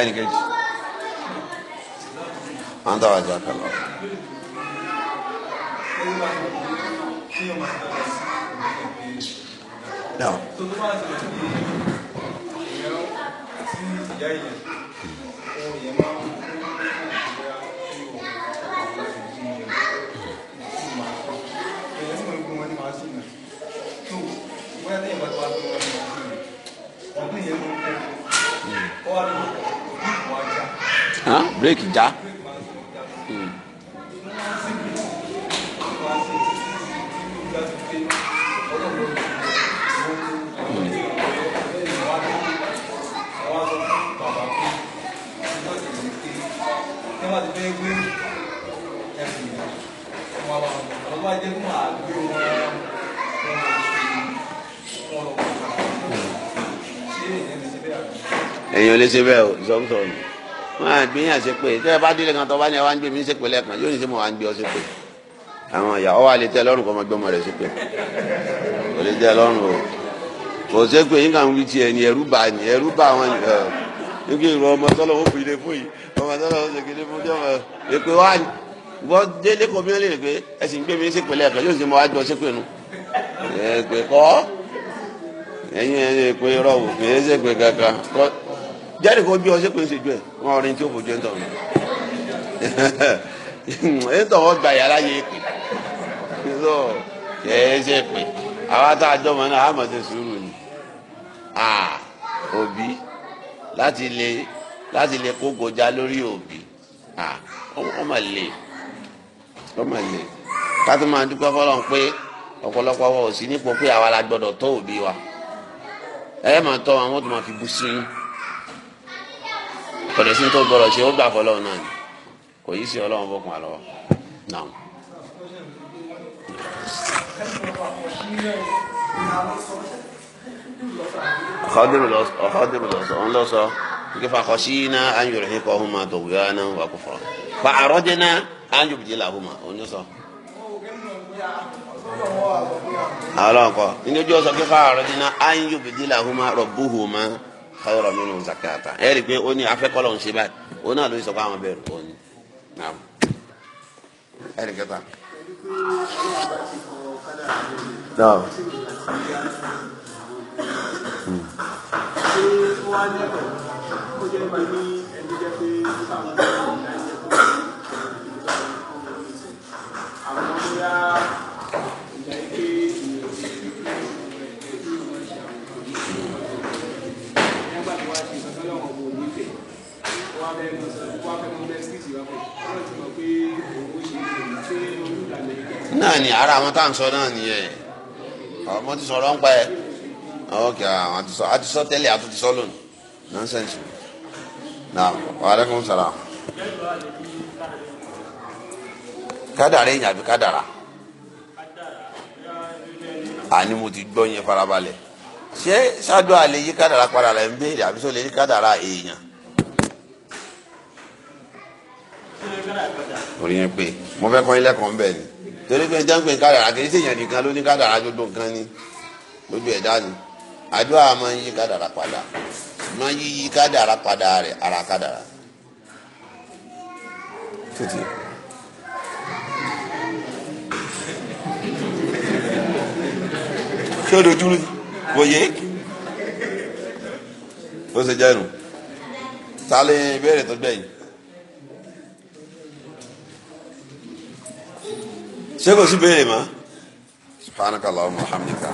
ẹnì kejì anta wa jazakallah. Now. Huh? Break ja. èèyàn lè ṣe bẹ́ẹ̀ o ìsọ̀rọ̀ wọ́n á gbé yàn ṣe pé tẹ́ ẹ bá délé kan tó bá ní ẹ wá ń gbé mi ṣe pé lẹ́ẹ̀kan yóò ní ṣe wá ń gbé ọ ṣe pé àwọn ìyàwó wa lè tẹ́ lọ́rùn kọ́ ọmọ gbọ́mọ rẹ̀ sí pé kò lè tẹ́ lọ́rùn o kò sí pé yín kàn wí tiẹ̀ ni ẹ̀rú bà ni ẹ̀rú bà wọn ni kí ìrọ̀ ọmọ tọ́lọ̀ ó fìdí fún yìí ọmọ tọ́lọ̀ ó sì kéde fún jọ́mọ èpè wá ni wọ́n délé kò bí wọ́n lè rè pé ẹ̀sìn gbé mi sí pẹ̀lẹ́ ẹ̀kọ́ yóò sì mọ àjọ sí pé nu èpè kọ́ ẹ̀yin èpè rọ̀ wò kì í ṣèpè kankan kọ́ jáde kó bí ọ sépè ń ṣe jù ẹ wọn ò tí ó fojú ẹ ń tọ̀ ẹ ń tọ̀ wọ́n gba yàrá yẹ èpè lọ kẹ́ẹ́ ṣe pé àwa tá a jọmọ náà àmọ̀ ṣe sùúrù ni òbí láti lè láti lè kó gòjà lórí òbí ọmọ lè ọmọ lè ká tó máa dúpẹ́ fọlọ́n pé ọ̀pọ̀lọpọ̀ wa ò sí nípò pé àwa la gbọ́dọ̀ tó òbí wa ẹ máa tọ́ wọn wọ́n tó máa fi bú sí yín kọ̀dẹ̀sí tó gbọ́dọ̀ ṣe ó gbà fọlọ́run náà ni kò yí sí ọlọ́run bọ́kùn àlọ́wọ́ náà. خادم الأصل خادم الأصل الأصل كيف خشينا أن يرهقهما طغيانا وكفرا فأردنا أن يبدلهما الأصل alọ́kọ̀ níjọ́jú ọ̀sán kí fáwọ̀rọ̀dínà ayé bìdílà huma rọ̀bùhùmá káyọ̀rọ̀ mínú zakata ẹ rí i pé ó ní afẹ́kọ́lọ̀ ń ṣe báyìí ó náà ló ń sọ pé àwọn bẹ̀rù òní. ẹ̀rí kẹta. Náà. Thank hmm. náà ni ara àwọn tá à ń sọ náà nìyẹn ọmọ ti ń pa ẹ àwọn àti sọ àti sọ tẹ́lẹ̀ àti sọ lónìí nonsense naam waaleykum salaam kádàrá èèyàn àbí kádàrá àní mo ti gbọ́ yẹn farabalẹ̀ ṣé ṣáájú àlè yí padà rẹ̀ ń béèrè àbí sọ lè yí èèyàn. orí yẹn pé mo fẹ́ kọ́ ilé kan bẹ́ẹ̀ ni. torí pé jẹ́ ń pè kádàrà kì í ṣèyàn nìkan ló ní kádàrà gbogbo nǹkan ni gbogbo ẹ̀dá ni àdúrà máa ń yí kádàrà padà máa ń yí kádàrà padà rẹ̀ ara kádàrà. ṣé o dojú wòye ó ṣe jẹ́ ta lè béèrè tó gbẹ̀yìn. ṣé kò sí béèrè mọ́. subhanakallahumma wa hamdika